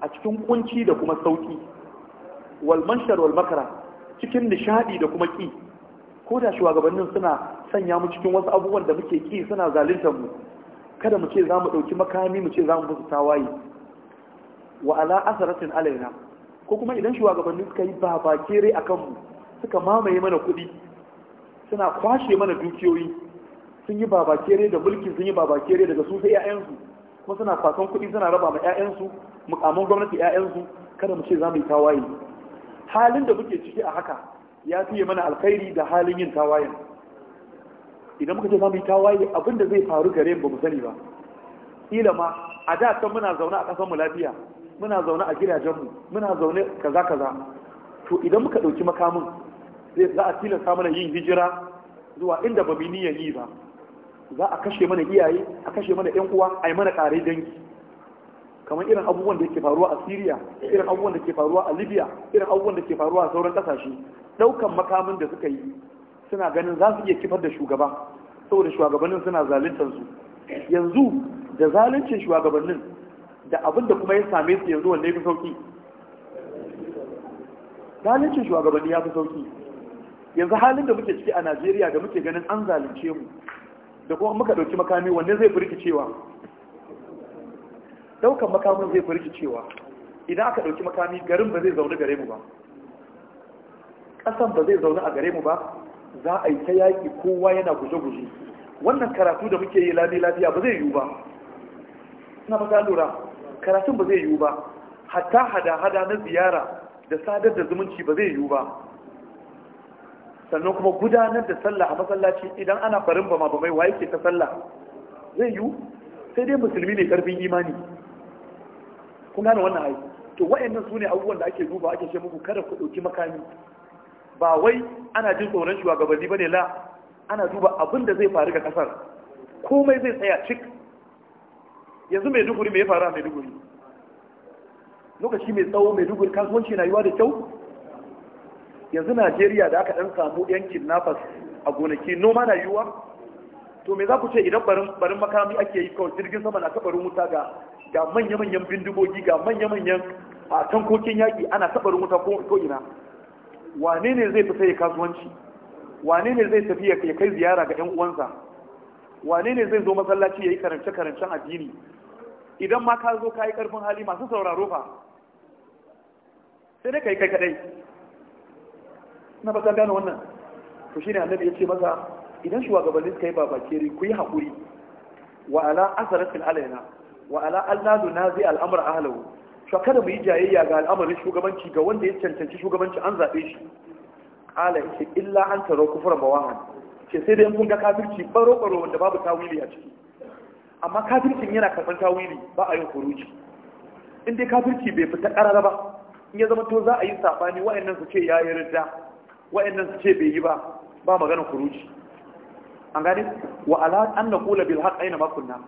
Speaker 1: a cikin ƙunci da kuma sauƙi. wal manshar wal makara cikin nishaɗi da kuma ƙi. ko da shugabannin suna sanya mu cikin wasu abubuwan da muke ƙi suna zaluntar mu kada mu ce za mu ɗauki makami mu ce za mu musu tawaye wa ala asaratin alaina ko kuma idan shugabanni suka yi babakere a kanmu suka mamaye mana kuɗi suna kwashe mana dukiyoyi sun yi babakere da mulki sun yi babakere daga su sai 'ya'yansu kuma suna kwasan kuɗi suna raba ma 'ya'yansu mukamman gwamnati 'ya'yansu kada mu ce za mu yi tawaye halin da muke ciki a haka ya fiye mana alkhairi da halin yin tawayen idan muka ce ma mai tawaye abin da zai faru gare mu ba mu sani ba Ila ma a da can muna zaune a kasan mu lafiya muna zaune a gidajen mu muna zaune kaza kaza to idan muka ɗauki makamin zai za a tilasta mana yin hijira zuwa inda ba mu niyyar yi ba za a kashe mana iyaye a kashe mana yan uwa a yi mana ƙare dangi kamar irin abubuwan da ke faruwa a Syria irin abubuwan da ke faruwa a Libya irin abubuwan da ke faruwa a sauran ƙasashe ɗaukan makamin da suka yi suna ganin za su iya kifar da shugaba saboda shugabannin suna zaluntar su yanzu da zaluncin shugabannin da abin da kuma ya same su yanzu wanda ya fi sauki zaluncin shugabanni ya fi sauki yanzu halin da muke ciki a najeriya da muke ganin an zalunce mu da kuma muka ɗauki makami wanne zai furki cewa ɗaukan makamin zai furki cewa idan aka ɗauki makami garin ba zai zaune gare mu ba ƙasan ba zai zaune a gare mu ba za a yi ta yaƙi kowa yana guje-guje wannan karatu da muke yi lafiya lafiya ba zai yiwu ba ina mata lura karatun ba zai yiwu ba hatta hada-hada na ziyara da sadar da zumunci ba zai yiwu ba sannan kuma gudanar da sallah a masallaci idan ana farin ba ma ba mai waye ke ta sallah zai yiwu sai dai musulmi ne karfin imani kun gane wannan aiki to wayannan su ne abubuwan da ake duba ake ce muku kada ku ɗauki makami ba wai ana jin tsoron shugabanni bane la ana duba abin da zai faru ga kasar komai zai tsaya cik yanzu mai duguri mai faru a mai duguri lokaci mai tsawo mai duguri kasuwanci na yiwa da kyau yanzu najeriya da aka dan samu yankin nafas a gonaki noma na yiwa to me za ku ce idan barin makami ake yi kawai jirgin sama na tabarin wuta ga manya-manyan bindigogi ga manya-manyan a tankokin yaƙi ana tabarin wuta ko ina wane ne zai fita ya kasuwanci wane ne zai tafi ya kai ziyara ga 'yan uwansa wane ne zai zo masallaci ya yi karance-karancen addini idan ma ka zo ka yi karfin hali masu sauraro fa sai dai ka yi kai kadai na ba gane wannan to shi ne annabi ya ce masa idan shugabannin suka yi babakere ku yi haƙuri wa ala asaratin alaina wa ala alladu na zai al'amura ahalahu To kada mu yi jayayya ga al'amarin shugabanci ga wanda ya cancanci shugabanci an zaɓe shi ƙala yake illa an taro kufura bawahan ce sai dai kun ga kafirci baro-baro wanda babu tawili a ciki amma kafircin yana karɓar tawili ba a yin kuruci in dai kafirci bai fita ƙarara ba in ya zama to za a yi saɓani wa'annan su ce ya yi ridda wa'annan su ce bai yi ba ba magana kuruci an gani wa ala an na kula bil haƙa yana makunna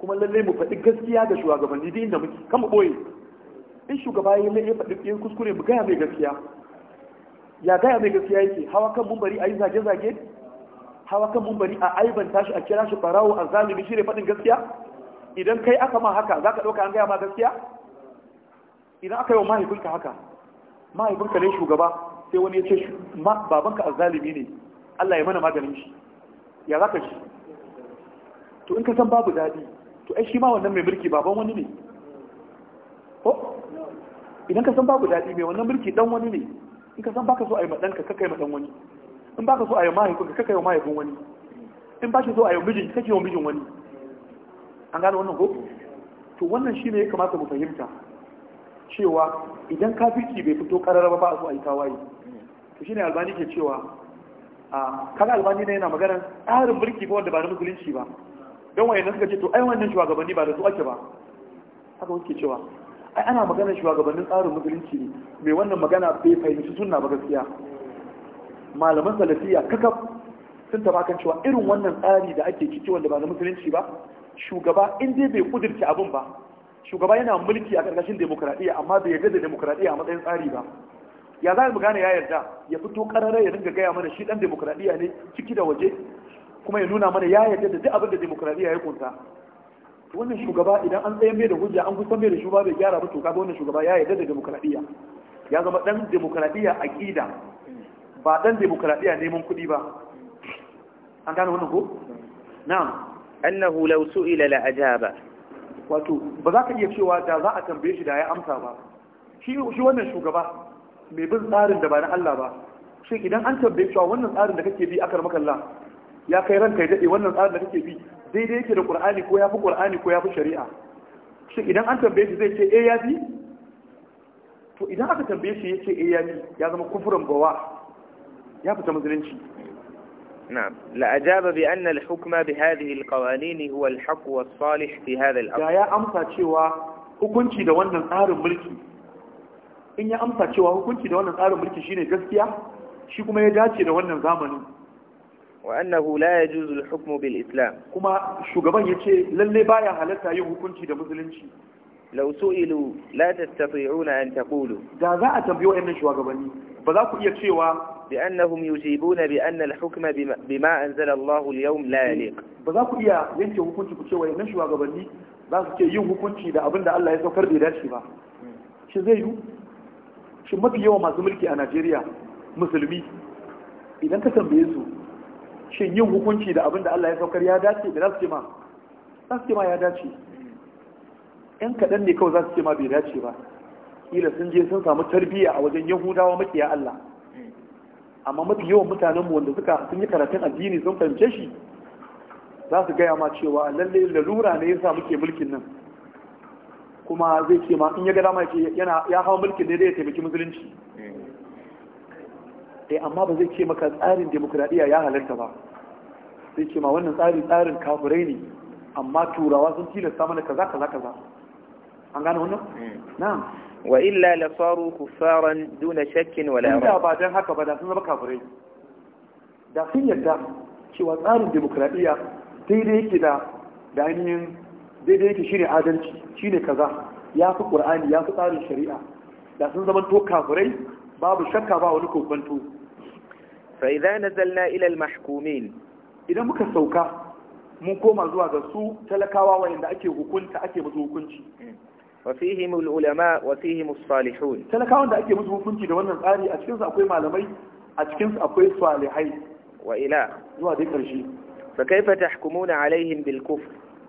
Speaker 1: kuma lallai mu faɗi gaskiya ga shugabanni duk inda muke kan mu ɓoye in shugaba ya faɗi ɗin kuskure mu gaya mai gaskiya ya gaya mai gaskiya yake hawa kan mumbari a yi zage-zage hawa kan mumbari a aibanta shi a kira shi barawo a zalimi shi ne faɗin gaskiya idan kai aka ma haka za ka ɗauka an gaya ma gaskiya idan aka yi wa mahaifinka haka mahaifinka ne shugaba sai wani ya ce babanka a zalimi ne Allah ya mana maganin shi ya za ka shi to in ka san babu daɗi to ai shi ma wannan mai mulki baban wani ne idan ka san babu daɗi mai wannan mulki dan wani ne in ka san baka so a yi maɗanka ka kai maɗan wani in baka so a yi mahaifin ka kai wa mahaifin wani in ba so a yi mijin kake wa mijin wani an gane wannan ko to wannan shine ya kamata mu fahimta cewa idan kafirci bai fito kararraba ba a so a yi tawaye to shine albani ke cewa a kaga albani ne yana magana tsarin mulki ba wanda ba na musulunci ba don wayannan suka ce to ai wannan shugabanni ba da su ake ba haka suke cewa ai ana magana shugabannin tsarin musulunci ne mai wannan magana bai fahimci suna ba gaskiya malaman salafiya kakaf sun taba kan cewa irin wannan tsari da ake ciki wanda ba na musulunci ba shugaba in dai bai kudirce abin ba shugaba yana mulki a karkashin demokradiyya amma bai yarda da demokradiyya a matsayin tsari ba ya za mu gane ya yarda ya fito karara ya dinga gaya mana shi dan demokradiyya ne ciki da waje kuma ya nuna mana ya yarda da duk abin da demokradiyya ya kunta wannan shugaba idan an tsaye mai da hujja an kusan mai da shugaba bai gyara ba to kaga wannan shugaba ya yarda da demokradiyya ya zama dan demokradiyya aqida ba dan demokradiyya neman kuɗi ba an gane wannan ko na'am annahu law su'ila la ajaba wato ba za ka iya cewa da za a tambaye shi da ya amsa ba shi wannan shugaba mai bin tsarin da ba na Allah ba shi idan an tambaye shi wannan tsarin da kake bi akar makalla ya kai ranka ya dade wannan tsarin da kake bi daidai yake da qur'ani ko ya fi qur'ani ko ya fi shari'a shi idan an tambaye shi zai ce eh ya fi to idan aka tambaye shi ce eh ya fi ya zama kufurin bawa
Speaker 2: ya fita musulunci نعم لأجاب بأن الحكم بهذه القوانين هو الحق والصالح في هذا الأمر يا أمسى شوى hukunci
Speaker 1: da wannan tsarin mulki in ya amsa cewa hukunci da wannan tsarin mulki shine gaskiya shi kuma ya dace da wannan zamanin
Speaker 2: wa annahu la yajuzu al bil
Speaker 1: islam kuma shugaban yace lalle baya halatta yin hukunci da musulunci law
Speaker 2: su'ilu la tastati'una an taqulu da za a tambayo wayannan shugabanni ba za ku iya cewa bi annahum yujibuna bi anna al-hukma bima anzala Allah
Speaker 1: ba za ku iya yanke hukunci ku ce wayannan shugabanni za su ce yin hukunci da abinda Allah ya saukar bai dace ba shi zai mafi yawa masu mulki a Najeriya musulmi idan ka tambaye su shin yin hukunci da abin da Allah ya saukar ya dace da za su ce ma ya dace yan kaɗan ne kawai zasu su ce ma bai dace ba kila sun je sun samu tarbiyya a wajen yahudawa makiya Allah amma mafi yawan mutanen mu wanda suka sun yi karatun addini sun fahimce shi za su gaya ma cewa lalle lalura ne ya sa muke mulkin nan kuma zai ce ma in ya ga dama ya hawa mulkin ne da ya taimaki musulunci eh. eh amma ba zai ce maka tsarin demokradiyya ya halarta ba zai ce ma wannan tsari tsarin kafirai ne amma turawa sun tilasta mana kaza kaza kaza an gane wannan
Speaker 2: hmm. na'am wa illa la faru kufaran duna shakkin wala ra ba dan haka
Speaker 1: ba da sun zama kafirai da sun yadda cewa tsarin demokradiyya daidai yake da da ainihin daidai yake shine adalci shine kaza ya fi qur'ani ya fi tsarin shari'a da sun zama to kafirai babu shakka ba wani kokonto fa idza nazalna ila al-mahkumin idan muka sauka mun koma zuwa ga su talakawa wanda ake hukunta ake musu hukunci wa fihim
Speaker 2: al-ulama wa fihim as-salihun talakawan ake musu hukunci da wannan tsari a cikin su akwai malamai a cikin su akwai salihai wa ila zuwa dai fa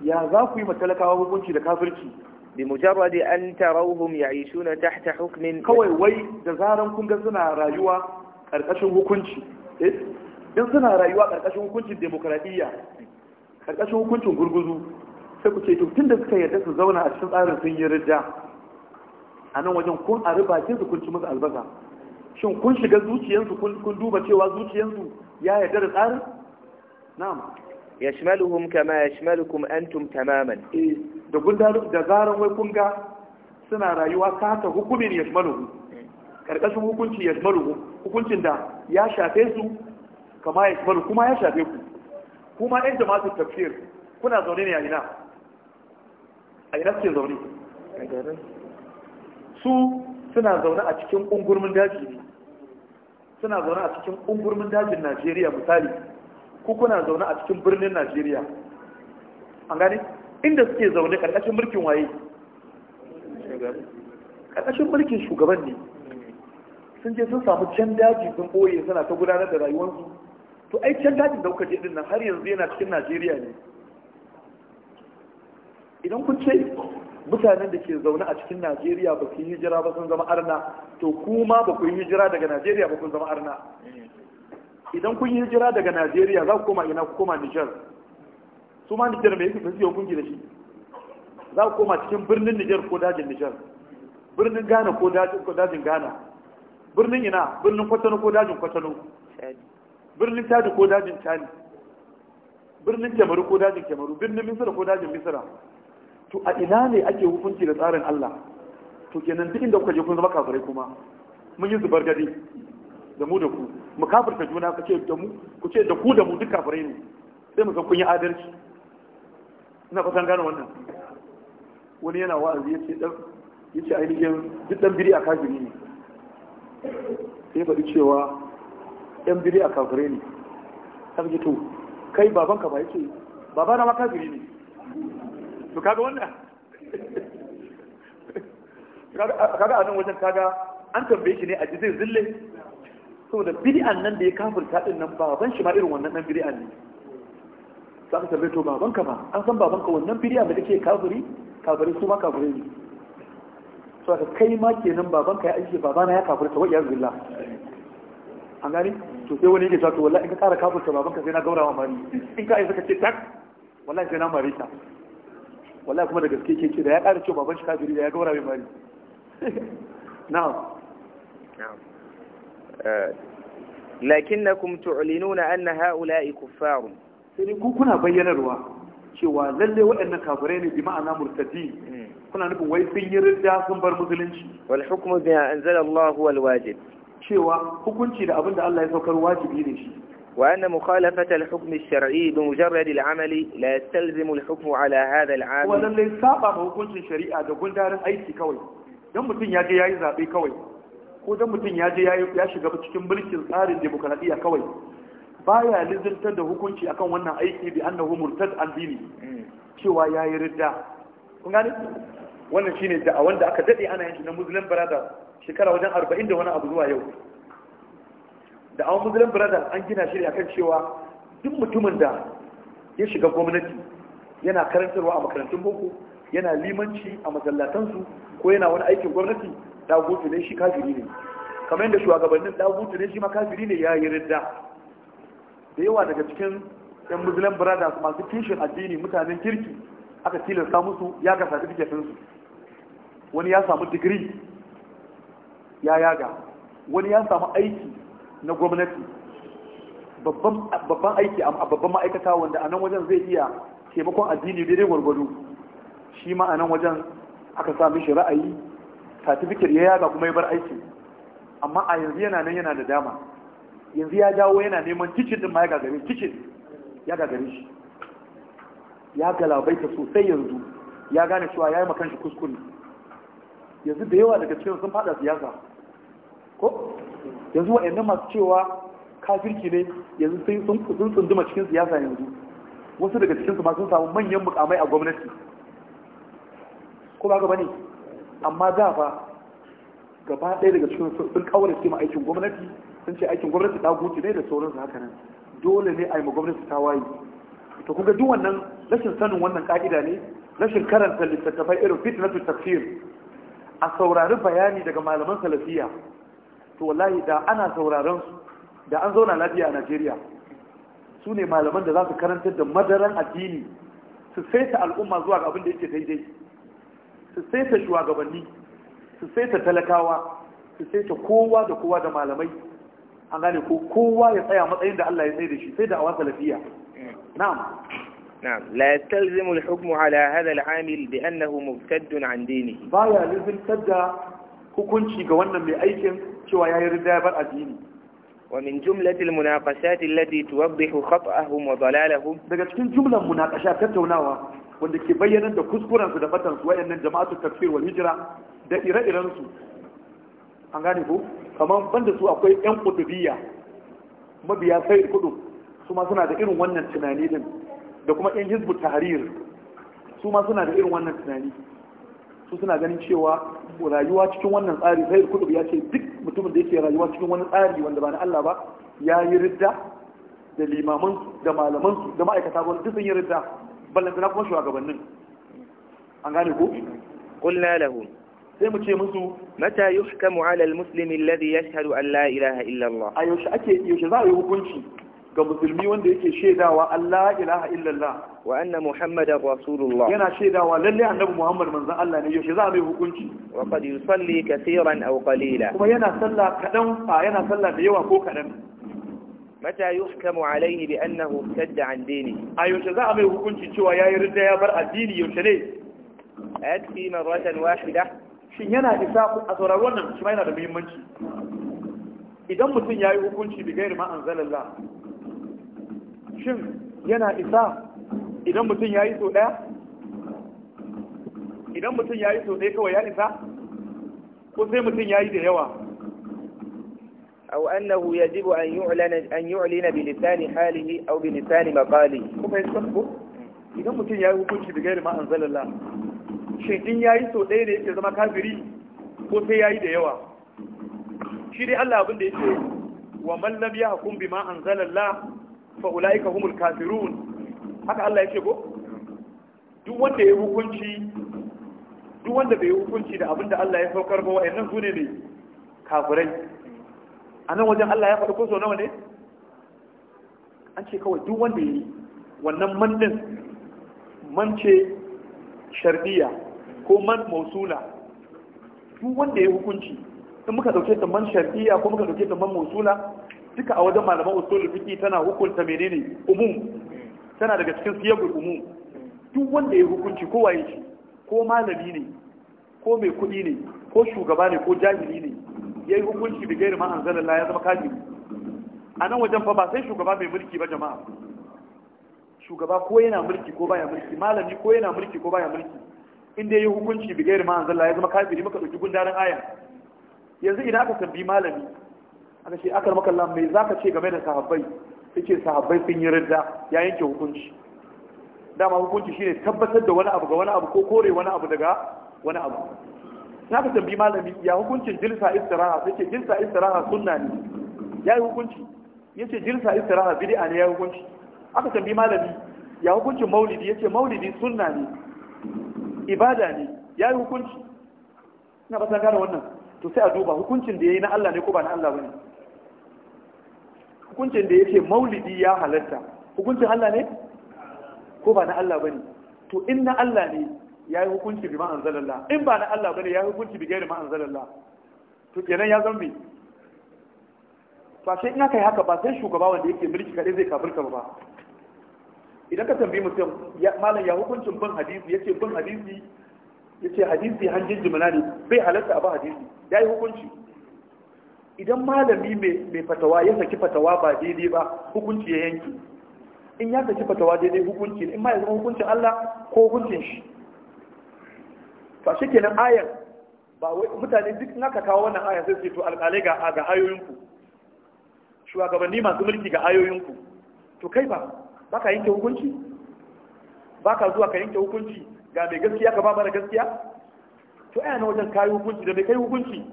Speaker 2: ya za ku yi hukunci da بمجرد أن تروهم يعيشون تحت حكم كوي وي دزارن كون رايوا
Speaker 1: قرقشن حكمي in eh? suna rayuwa ƙarƙashin hukuncin demokradiyya ƙarƙashin hukuncin gurguzu sai ku ce to tunda suka yarda su zauna a cikin tsarin sun yi rida a nan wajen kun a ribakin su kun ci musu albasa shin kun shiga zuciyarsu
Speaker 2: kun duba cewa zuciyarsu ya yarda da tsarin na'am yashmaluhum kama yashmalukum antum tamaman eh da kun da zaran wai kun ga
Speaker 1: suna rayuwa ka ta hukumin yashmaluhum karkashin hukunci ya maru hukuncin da ya shafe su kama ya maru kuma ya shafe ku kuma ɗan jama'atun tafiyar kuna zaune ne a ina a ina suke zaune su suna zaune a cikin ƙungurmin daji ne suna zaune a cikin ƙungurmin dajin najeriya misali ku kuna zaune a cikin birnin najeriya an gane inda suke zaune ƙarƙashin mulkin waye ƙarƙashin mulkin shugaban ne sun je sun samu can daji sun boye suna ta gudanar da rayuwarsu to ai can dajin da kuka je din nan har yanzu yana cikin Najeriya ne idan kun ce mutanen da ke zaune a cikin Najeriya ba su yi hijira ba sun zama arna to kuma ba ku yi hijira daga Najeriya ba kun zama arna idan kun yi hijira daga Najeriya za ku koma ina ku koma Nijar su ma Nijar me yake tafiya kungi da shi za ku koma cikin birnin Nijar ko dajin Nijar birnin Ghana ko dajin Ghana birnin ina birnin kwatano ko dajin kwatano birnin tadi ko dajin tadi birnin kyamaru ko dajin kyamaru birnin misira ko dajin misira to a ina ne ake hukunci da tsarin Allah to kenan duk inda kuka je kun zama kafirai kuma mun yi zubar gadi da mu da ku mu kafirta juna kace da mu ku ce da ku da mu duk kafirai ne sai mu san kun yi adalci ina fatan gane wannan wani yana wa'azi yace dan yace ainihin duk dan biri a kafiri ne sai faɗi cewa yan biri a kafirai ne kan fi to kai babanka ba yake baba na ma kafiri ne to kaga wannan kaga anan wajen kaga an tambaye shi ne a jizai zille saboda bid'an nan da ya kafirta din nan baban shi ma irin wannan dan bid'an ne za ka tambaye to babanka ba an san babanka wannan bid'an da kake kafiri kafiri su ma kafiri ne so aka kai ma kenan baban ka ya aiki babana ya kafirta wa iyaz billah an gani to sai wani yake cewa to wallahi in ka kara kafirta baban ka sai na gaurawa mari in ka aika ka ce tak wallahi sai na mari ta wallahi kuma da gaske ke ce da ya kara cewa baban shi kafiri da ya gaurawa
Speaker 2: mari *laughs* na'am na'am eh, lakinnakum tu'linuna anna ha'ula'i kuffarun sai ku kuna bayyanarwa cewa lalle waɗannan kafirai ne bi ma'ana murtadi hmm. kuna nufin wai sun yi ridda sun bar musulunci wal hukmu biha anzala Allahu wal wajib cewa hukunci da abinda Allah ya saukar wajibi ne shi وأن مخالفة الحكم الشرعي بمجرد العمل لا يستلزم الحكم da هذا العامل وأن اللي سابع
Speaker 1: حكم da دقون دارن أي كوي دم متن يجي ياي زابي كوي ko dan mutum ya je ya shiga cikin mulkin tsarin demokradiyya kawai baya lizantar da hukunci akan wannan aiki bi annahu murtad an dini mm. cewa yayi ridda kun gane wannan shine da wanda aka dade ana yin na muslim brother shekara wajen 40 da wani abu zuwa yau da awon muslim brother an gina shi akan cewa duk mutumin da ya shiga gwamnati yana karantarwa a makarantun boko yana limanci a masallatansu ko yana wani aikin gwamnati dagutu ne shi kafiri ne kamar yadda shugabannin dagutu ne shi ma kafiri ne ya yi ridda da yawa daga cikin yan muslim brothers masu kishin addini mutanen kirki aka tilasta musu ya ga certificate su wani ya samu digiri ya yaga wani ya samu aiki na gwamnati babban aiki a babban ma'aikata wanda a nan wajen zai iya taimakon addini daidai gwargwado shi ma a nan wajen aka sa mishi ra'ayi certificate ya yaga kuma ya bar aiki amma a yanzu yana nan yana da dama yanzu ya jawo yana neman kicin, din ma ya gagare kicin ya gagare shi ya galabaita sosai yanzu ya gane cewa ya yi makan shi kuskure yanzu da yawa daga cikin sun fada siyasa ko yanzu wa yanzu masu cewa kafirki ne yanzu sai sun tsunduma cikin siyasa yanzu wasu daga cikinsu ma sun samu manyan mukamai a gwamnati ko ba gaba ne amma da fa gaba ɗaya daga cikin sun da ma aikin gwamnati sun ce aikin gwamnati daguti ne da sauransu haka nan dole ne a yi ma gwamnati ta waye to kuga duk wannan rashin sanin wannan ka'ida ne rashin karanta littattafai irin fitnatu tafsir a saurari bayani daga malaman salafiya to wallahi da ana sauraron su da an zauna lafiya a Najeriya su ne malaman da za su karanta da madaran addini su saita al'umma zuwa ga abin da yake daidai su saita shugabanni su saita talakawa su saita kowa da kowa da malamai an
Speaker 2: gane ko kowa ya tsaya matsayin da Allah ya tsaye da shi sai da awan salafiya na'am نعم لا يستلزم الحكم على هذا العامل بأنه مرتد عن Ba ya لازم تبدا hukunci ga wannan mai aikin cewa yayi ridda bar addini wa min jumlati almunaqashat allati tuwaddihu khata'ahum wa dalalahum daga cikin jumlan
Speaker 1: munaqasha tattaunawa wanda ke bayyana da kuskuren su da fatan su wayannan jama'atu tafsir wal hijra da ire-iren su an gane ko kamar banda su akwai yan kudubiya mabiya sai kudu su ma suna da irin wannan tunani din da kuma yan hizbu tahrir su ma suna da irin wannan tunani su suna ganin cewa rayuwa cikin wannan tsari sai kudu ya ce duk mutumin da yake rayuwa cikin wani tsari wanda ba na Allah ba ya yi ridda da limaman da malaman da ma'aikata ba duk sun yi ridda
Speaker 2: ballantana kuma shugabannin an gane ko qulna sai mu ce musu mata yuhkamu ala almuslim alladhi yashhadu an la ilaha illa Allah a yaushe ake yaushe za a yi hukunci ga musulmi wanda yake shaidawa Allah ilaha illallah
Speaker 1: wa anna muhammadar rasulullah yana shaidawa lalle annabi muhammad manzon Allah ne yaushe za a yi hukunci
Speaker 2: wa qad yusalli kaseeran aw qalila kuma yana sallah kadan fa yana sallah da yawa ko kadan mata yuhkamu alayhi bi annahu sadda an dini a yaushe za a yi hukunci cewa yayi ridda ya bar addini yaushe ne ayati marratan wahida
Speaker 1: shin yana isa a saurari wannan shi ma yana da muhimmanci idan mutum ya yi hukunci bi gairi ma'an anzalallah shin yana isa idan mutum ya yi so ɗaya idan mutum ya yi so ɗaya kawai ya isa
Speaker 2: ko sai mutum ya yi da yawa ya an yi أو أنه halihi au يعلن أن makali kuma yi sabbo idan mutum ya yi hukunci بغير ما ma'an الله shin in yi so ɗaya ne yake zama kafiri
Speaker 1: ko sai ya yi da yawa shi dai Allah abin da ce wa man lam yahkum bima anzalallah fa ulaika humul kafirun haka Allah ya ce ko duk wanda ya hukunci duk wanda bai hukunci da abin da Allah ya saukar ba wa'annan su ne ne kafirai a nan wajen Allah ya faɗi ko so nawa ne an ce kawai duk wanda ya yi wannan mandin man ce shardiya ko man mausula duk wanda ya hukunci in muka dauke ta man shafiya ko muka dauke ta man mausula duka a wajen malaman usulul fiqi tana hukunta menene umum tana daga cikin siyabul umum duk wanda ya hukunci ko waye shi ko malami ne ko mai kuɗi ne ko shugaba ne ko jahili ne yayi hukunci bi gairi ma anzalallah ya zama kafiri a nan wajen fa ba sai shugaba mai mulki ba jama'a shugaba ko yana mulki ko baya mulki malami ko yana mulki ko baya mulki inda yi hukunci bi gairi ma'an zalla ya zama kafiri maka ɗauki gundarin ayan yanzu idan aka tambi malami aka ce aka maka lamme za ka ce game da sahabbai ce sahabbai sun yi rinda ya yanke hukunci dama hukunci shine tabbatar da wani abu ga wani abu ko kore wani abu daga wani abu na ka tambi malami ya hukuncin jilsa istiraha sai ce jilsa istiraha sunna ne ya yi hukunci ya ce jilsa istiraha bid'a ne ya yi hukunci aka tambi malami ya hukuncin maulidi ya ce maulidi sunna ne ibada ne ya yi hukunci ina ba gane wannan to sai a duba hukuncin da ya yi na Allah ne ko ba na Allah bane? hukuncin da ya ce maulidi ya halatta hukuncin Allah ne ko ba na Allah bane? to in na Allah ne ya yi hukunci bi ma'anzalallah in ba na Allah ba ya yi hukunci bi gairi ma'anzalallah to kenan ya zambi ba sai in aka yi haka ba sai shugaba wanda yake mulki kaɗai zai kafirka ba idan ka tambayi mutum malam ya hukuncin bin hadisi yace bin hadisi yace hadisi hanjin jimina ne bai halatta a ba hadisi ya yi hukunci idan malami mai fatawa ya saki fatawa ba daidai ba hukunci ya yanki in ya saki fatawa daidai hukunci in ma ya zama hukuncin Allah ko hukuncin shi to shi kenan ayar ba wai mutane duk in aka kawo wannan ayar sai su to alƙalai ga ga ayoyinku shugabanni masu mulki ga ayoyinku to kai ba ba ka yanke hukunci ba ka zuwa ka yanke hukunci ga mai gaskiya ka ba mara gaskiya to ai na wajen kai
Speaker 2: hukunci da mai kai hukunci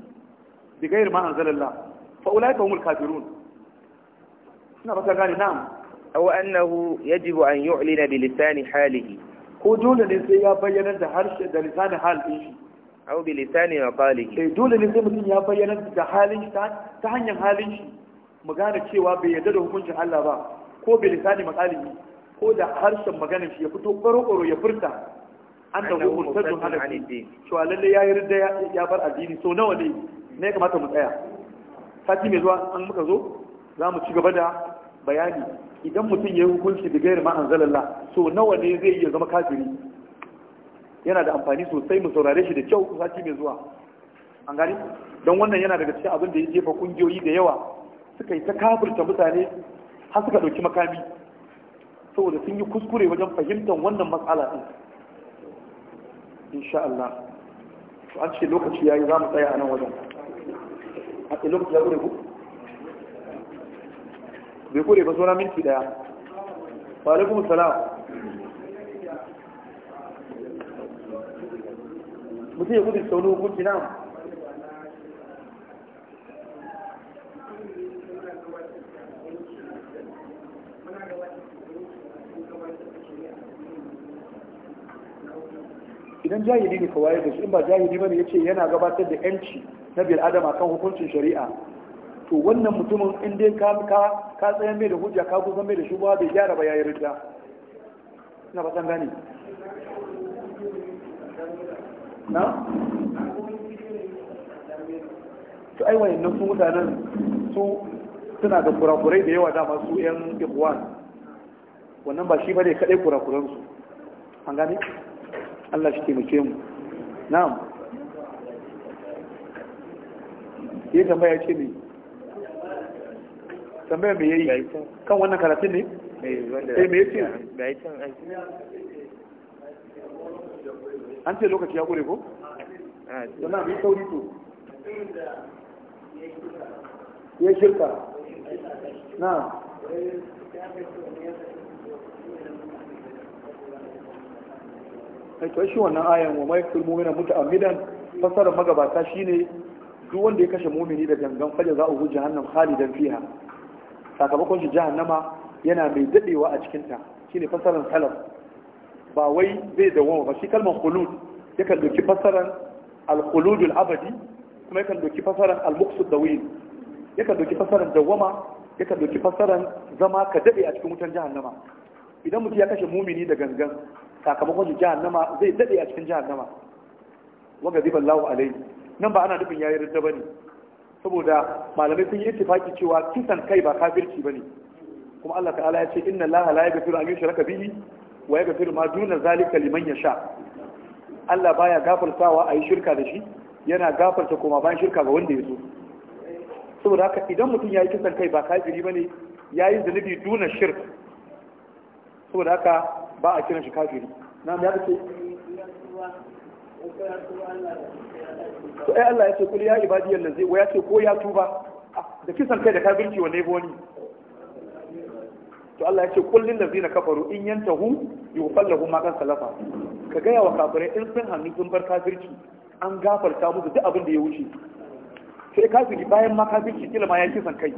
Speaker 2: bi gairi ma anzalalla fa ulai ka humul kafirun ina baka gane na'am aw annahu yajibu an yu'lina bi lisani halihi ko dole ne sai ya bayyana da harshe da lisani hal din shi aw bi lisani
Speaker 1: maqalihi eh dole ne sai mutum ya bayyana da halin shi ta hanyar halin shi mu gane cewa bai yarda da hukuncin Allah ba ko lisani makalimi ko da harshen maganar shi ya fito ƙwaro ya furta an da hukun tattun halafi cewa lalle ya yi rida ya bar addini so nawa ne na ya kamata mu tsaya sati mai zuwa an muka zo za mu ci gaba da bayani idan mutum ya yi hukunci da gairi ma'an zalalla so nawa ne zai iya zama kafiri yana da amfani sosai mu saurare shi da kyau sati mai zuwa an gani don wannan yana daga cikin abin da ya jefa kungiyoyi da yawa suka yi ta kafirta mutane har suka ɗauki makami saboda sun yi kuskure wajen fahimtar wannan matsala ɗin insha Allah to an ce lokaci yayi za mu tsaya a nan wajen a ce lokaci ya ƙure ku bai ƙure ba sauran minti ɗaya Ba da kuma salam mutum ya gudu sauran hukunci na idan jahili ne kawai da shi in ba jahili bane yace yana gabatar da yanci na bil adama kan hukuncin shari'a to wannan mutumin in dai ka ka ka tsaya mai da hujja ka kusan mai da ba bai gyara ba yayi rida na fatan gane na to ai wayannan su mutanen su suna da kurakurai da yawa dama su yan ikhwan wannan ba shi bane kadai kurakuransu an gani. Allah shi taimake mu na'am yi tambaya ce ne tambaya me yayi kan wannan karatun ne eh me yake
Speaker 3: an ce
Speaker 2: lokaci ya kure ko na ah, bi sauri to
Speaker 1: ya shirka na to shi wannan ayan wa mai kul mu'mina muta'ammidan fasarar magabata shine duk wanda ya kashe mumini da gangan fajar za a hu jahannam khalidan fiha sakamakon shi jahannama yana mai dadewa a cikin ta shine fasarar salaf ba wai zai dawoma ba shi kalmar khulud yakan doki fasarar al-khulud al-abadi kuma yakan doki fasarar al-muqsud dawil yakan doki fasarar dawama yakan doki fasarar zama ka dade a cikin wutan jahannama idan mutum ya kashe mumini da gangan sakamakon jahannama zai dade a cikin jahannama wanda zai ballahu alai nan ba ana nufin yayi ba ne. saboda malamai sun yi ittifaki cewa kisan kai ba kafirci ne. kuma Allah ta'ala ya ce inna laha la yaghfiru an yushraka bihi wa yaghfiru ma duna zalika liman yasha Allah baya gafartawa a yi shirka da shi yana gafarta kuma bayan shirka ga wanda ya zo. saboda haka idan mutum ya yi kisan kai ba kafiri ba ne ya yi zunubi duna shirk saboda haka ba a kiran shi kafiri na ya ce to ai Allah ya ce kul ya ibadiyal ladzi wa ya ce ko ya tuba ah, da kisan kai da kafirci wanne ya wani to Allah ya ce kul lil ladzina kafaru in yantahu yughfar lahum ma kan salafa ka gaya wa kafirai in sun hannu sun bar kafirci an gafarta musu duk abin da ya wuce sai kafiri bayan ma kafirci kila ma ya kisan kai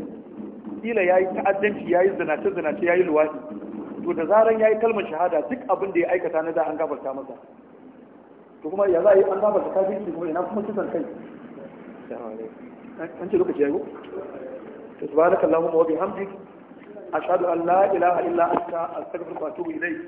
Speaker 1: kila yi ta'addanci ya yi zinace zinace yi luwadi to da zaran yi kalmar shahada duk abin da ya aikata na da an gabata masa to kuma ya za a yi an gafarta kafirci kuma ina kuma kisan kai an ce lokaci yayi to subhanakallahumma wa a ashhadu an la ilaha illa anta astaghfiruka wa atubu ilayk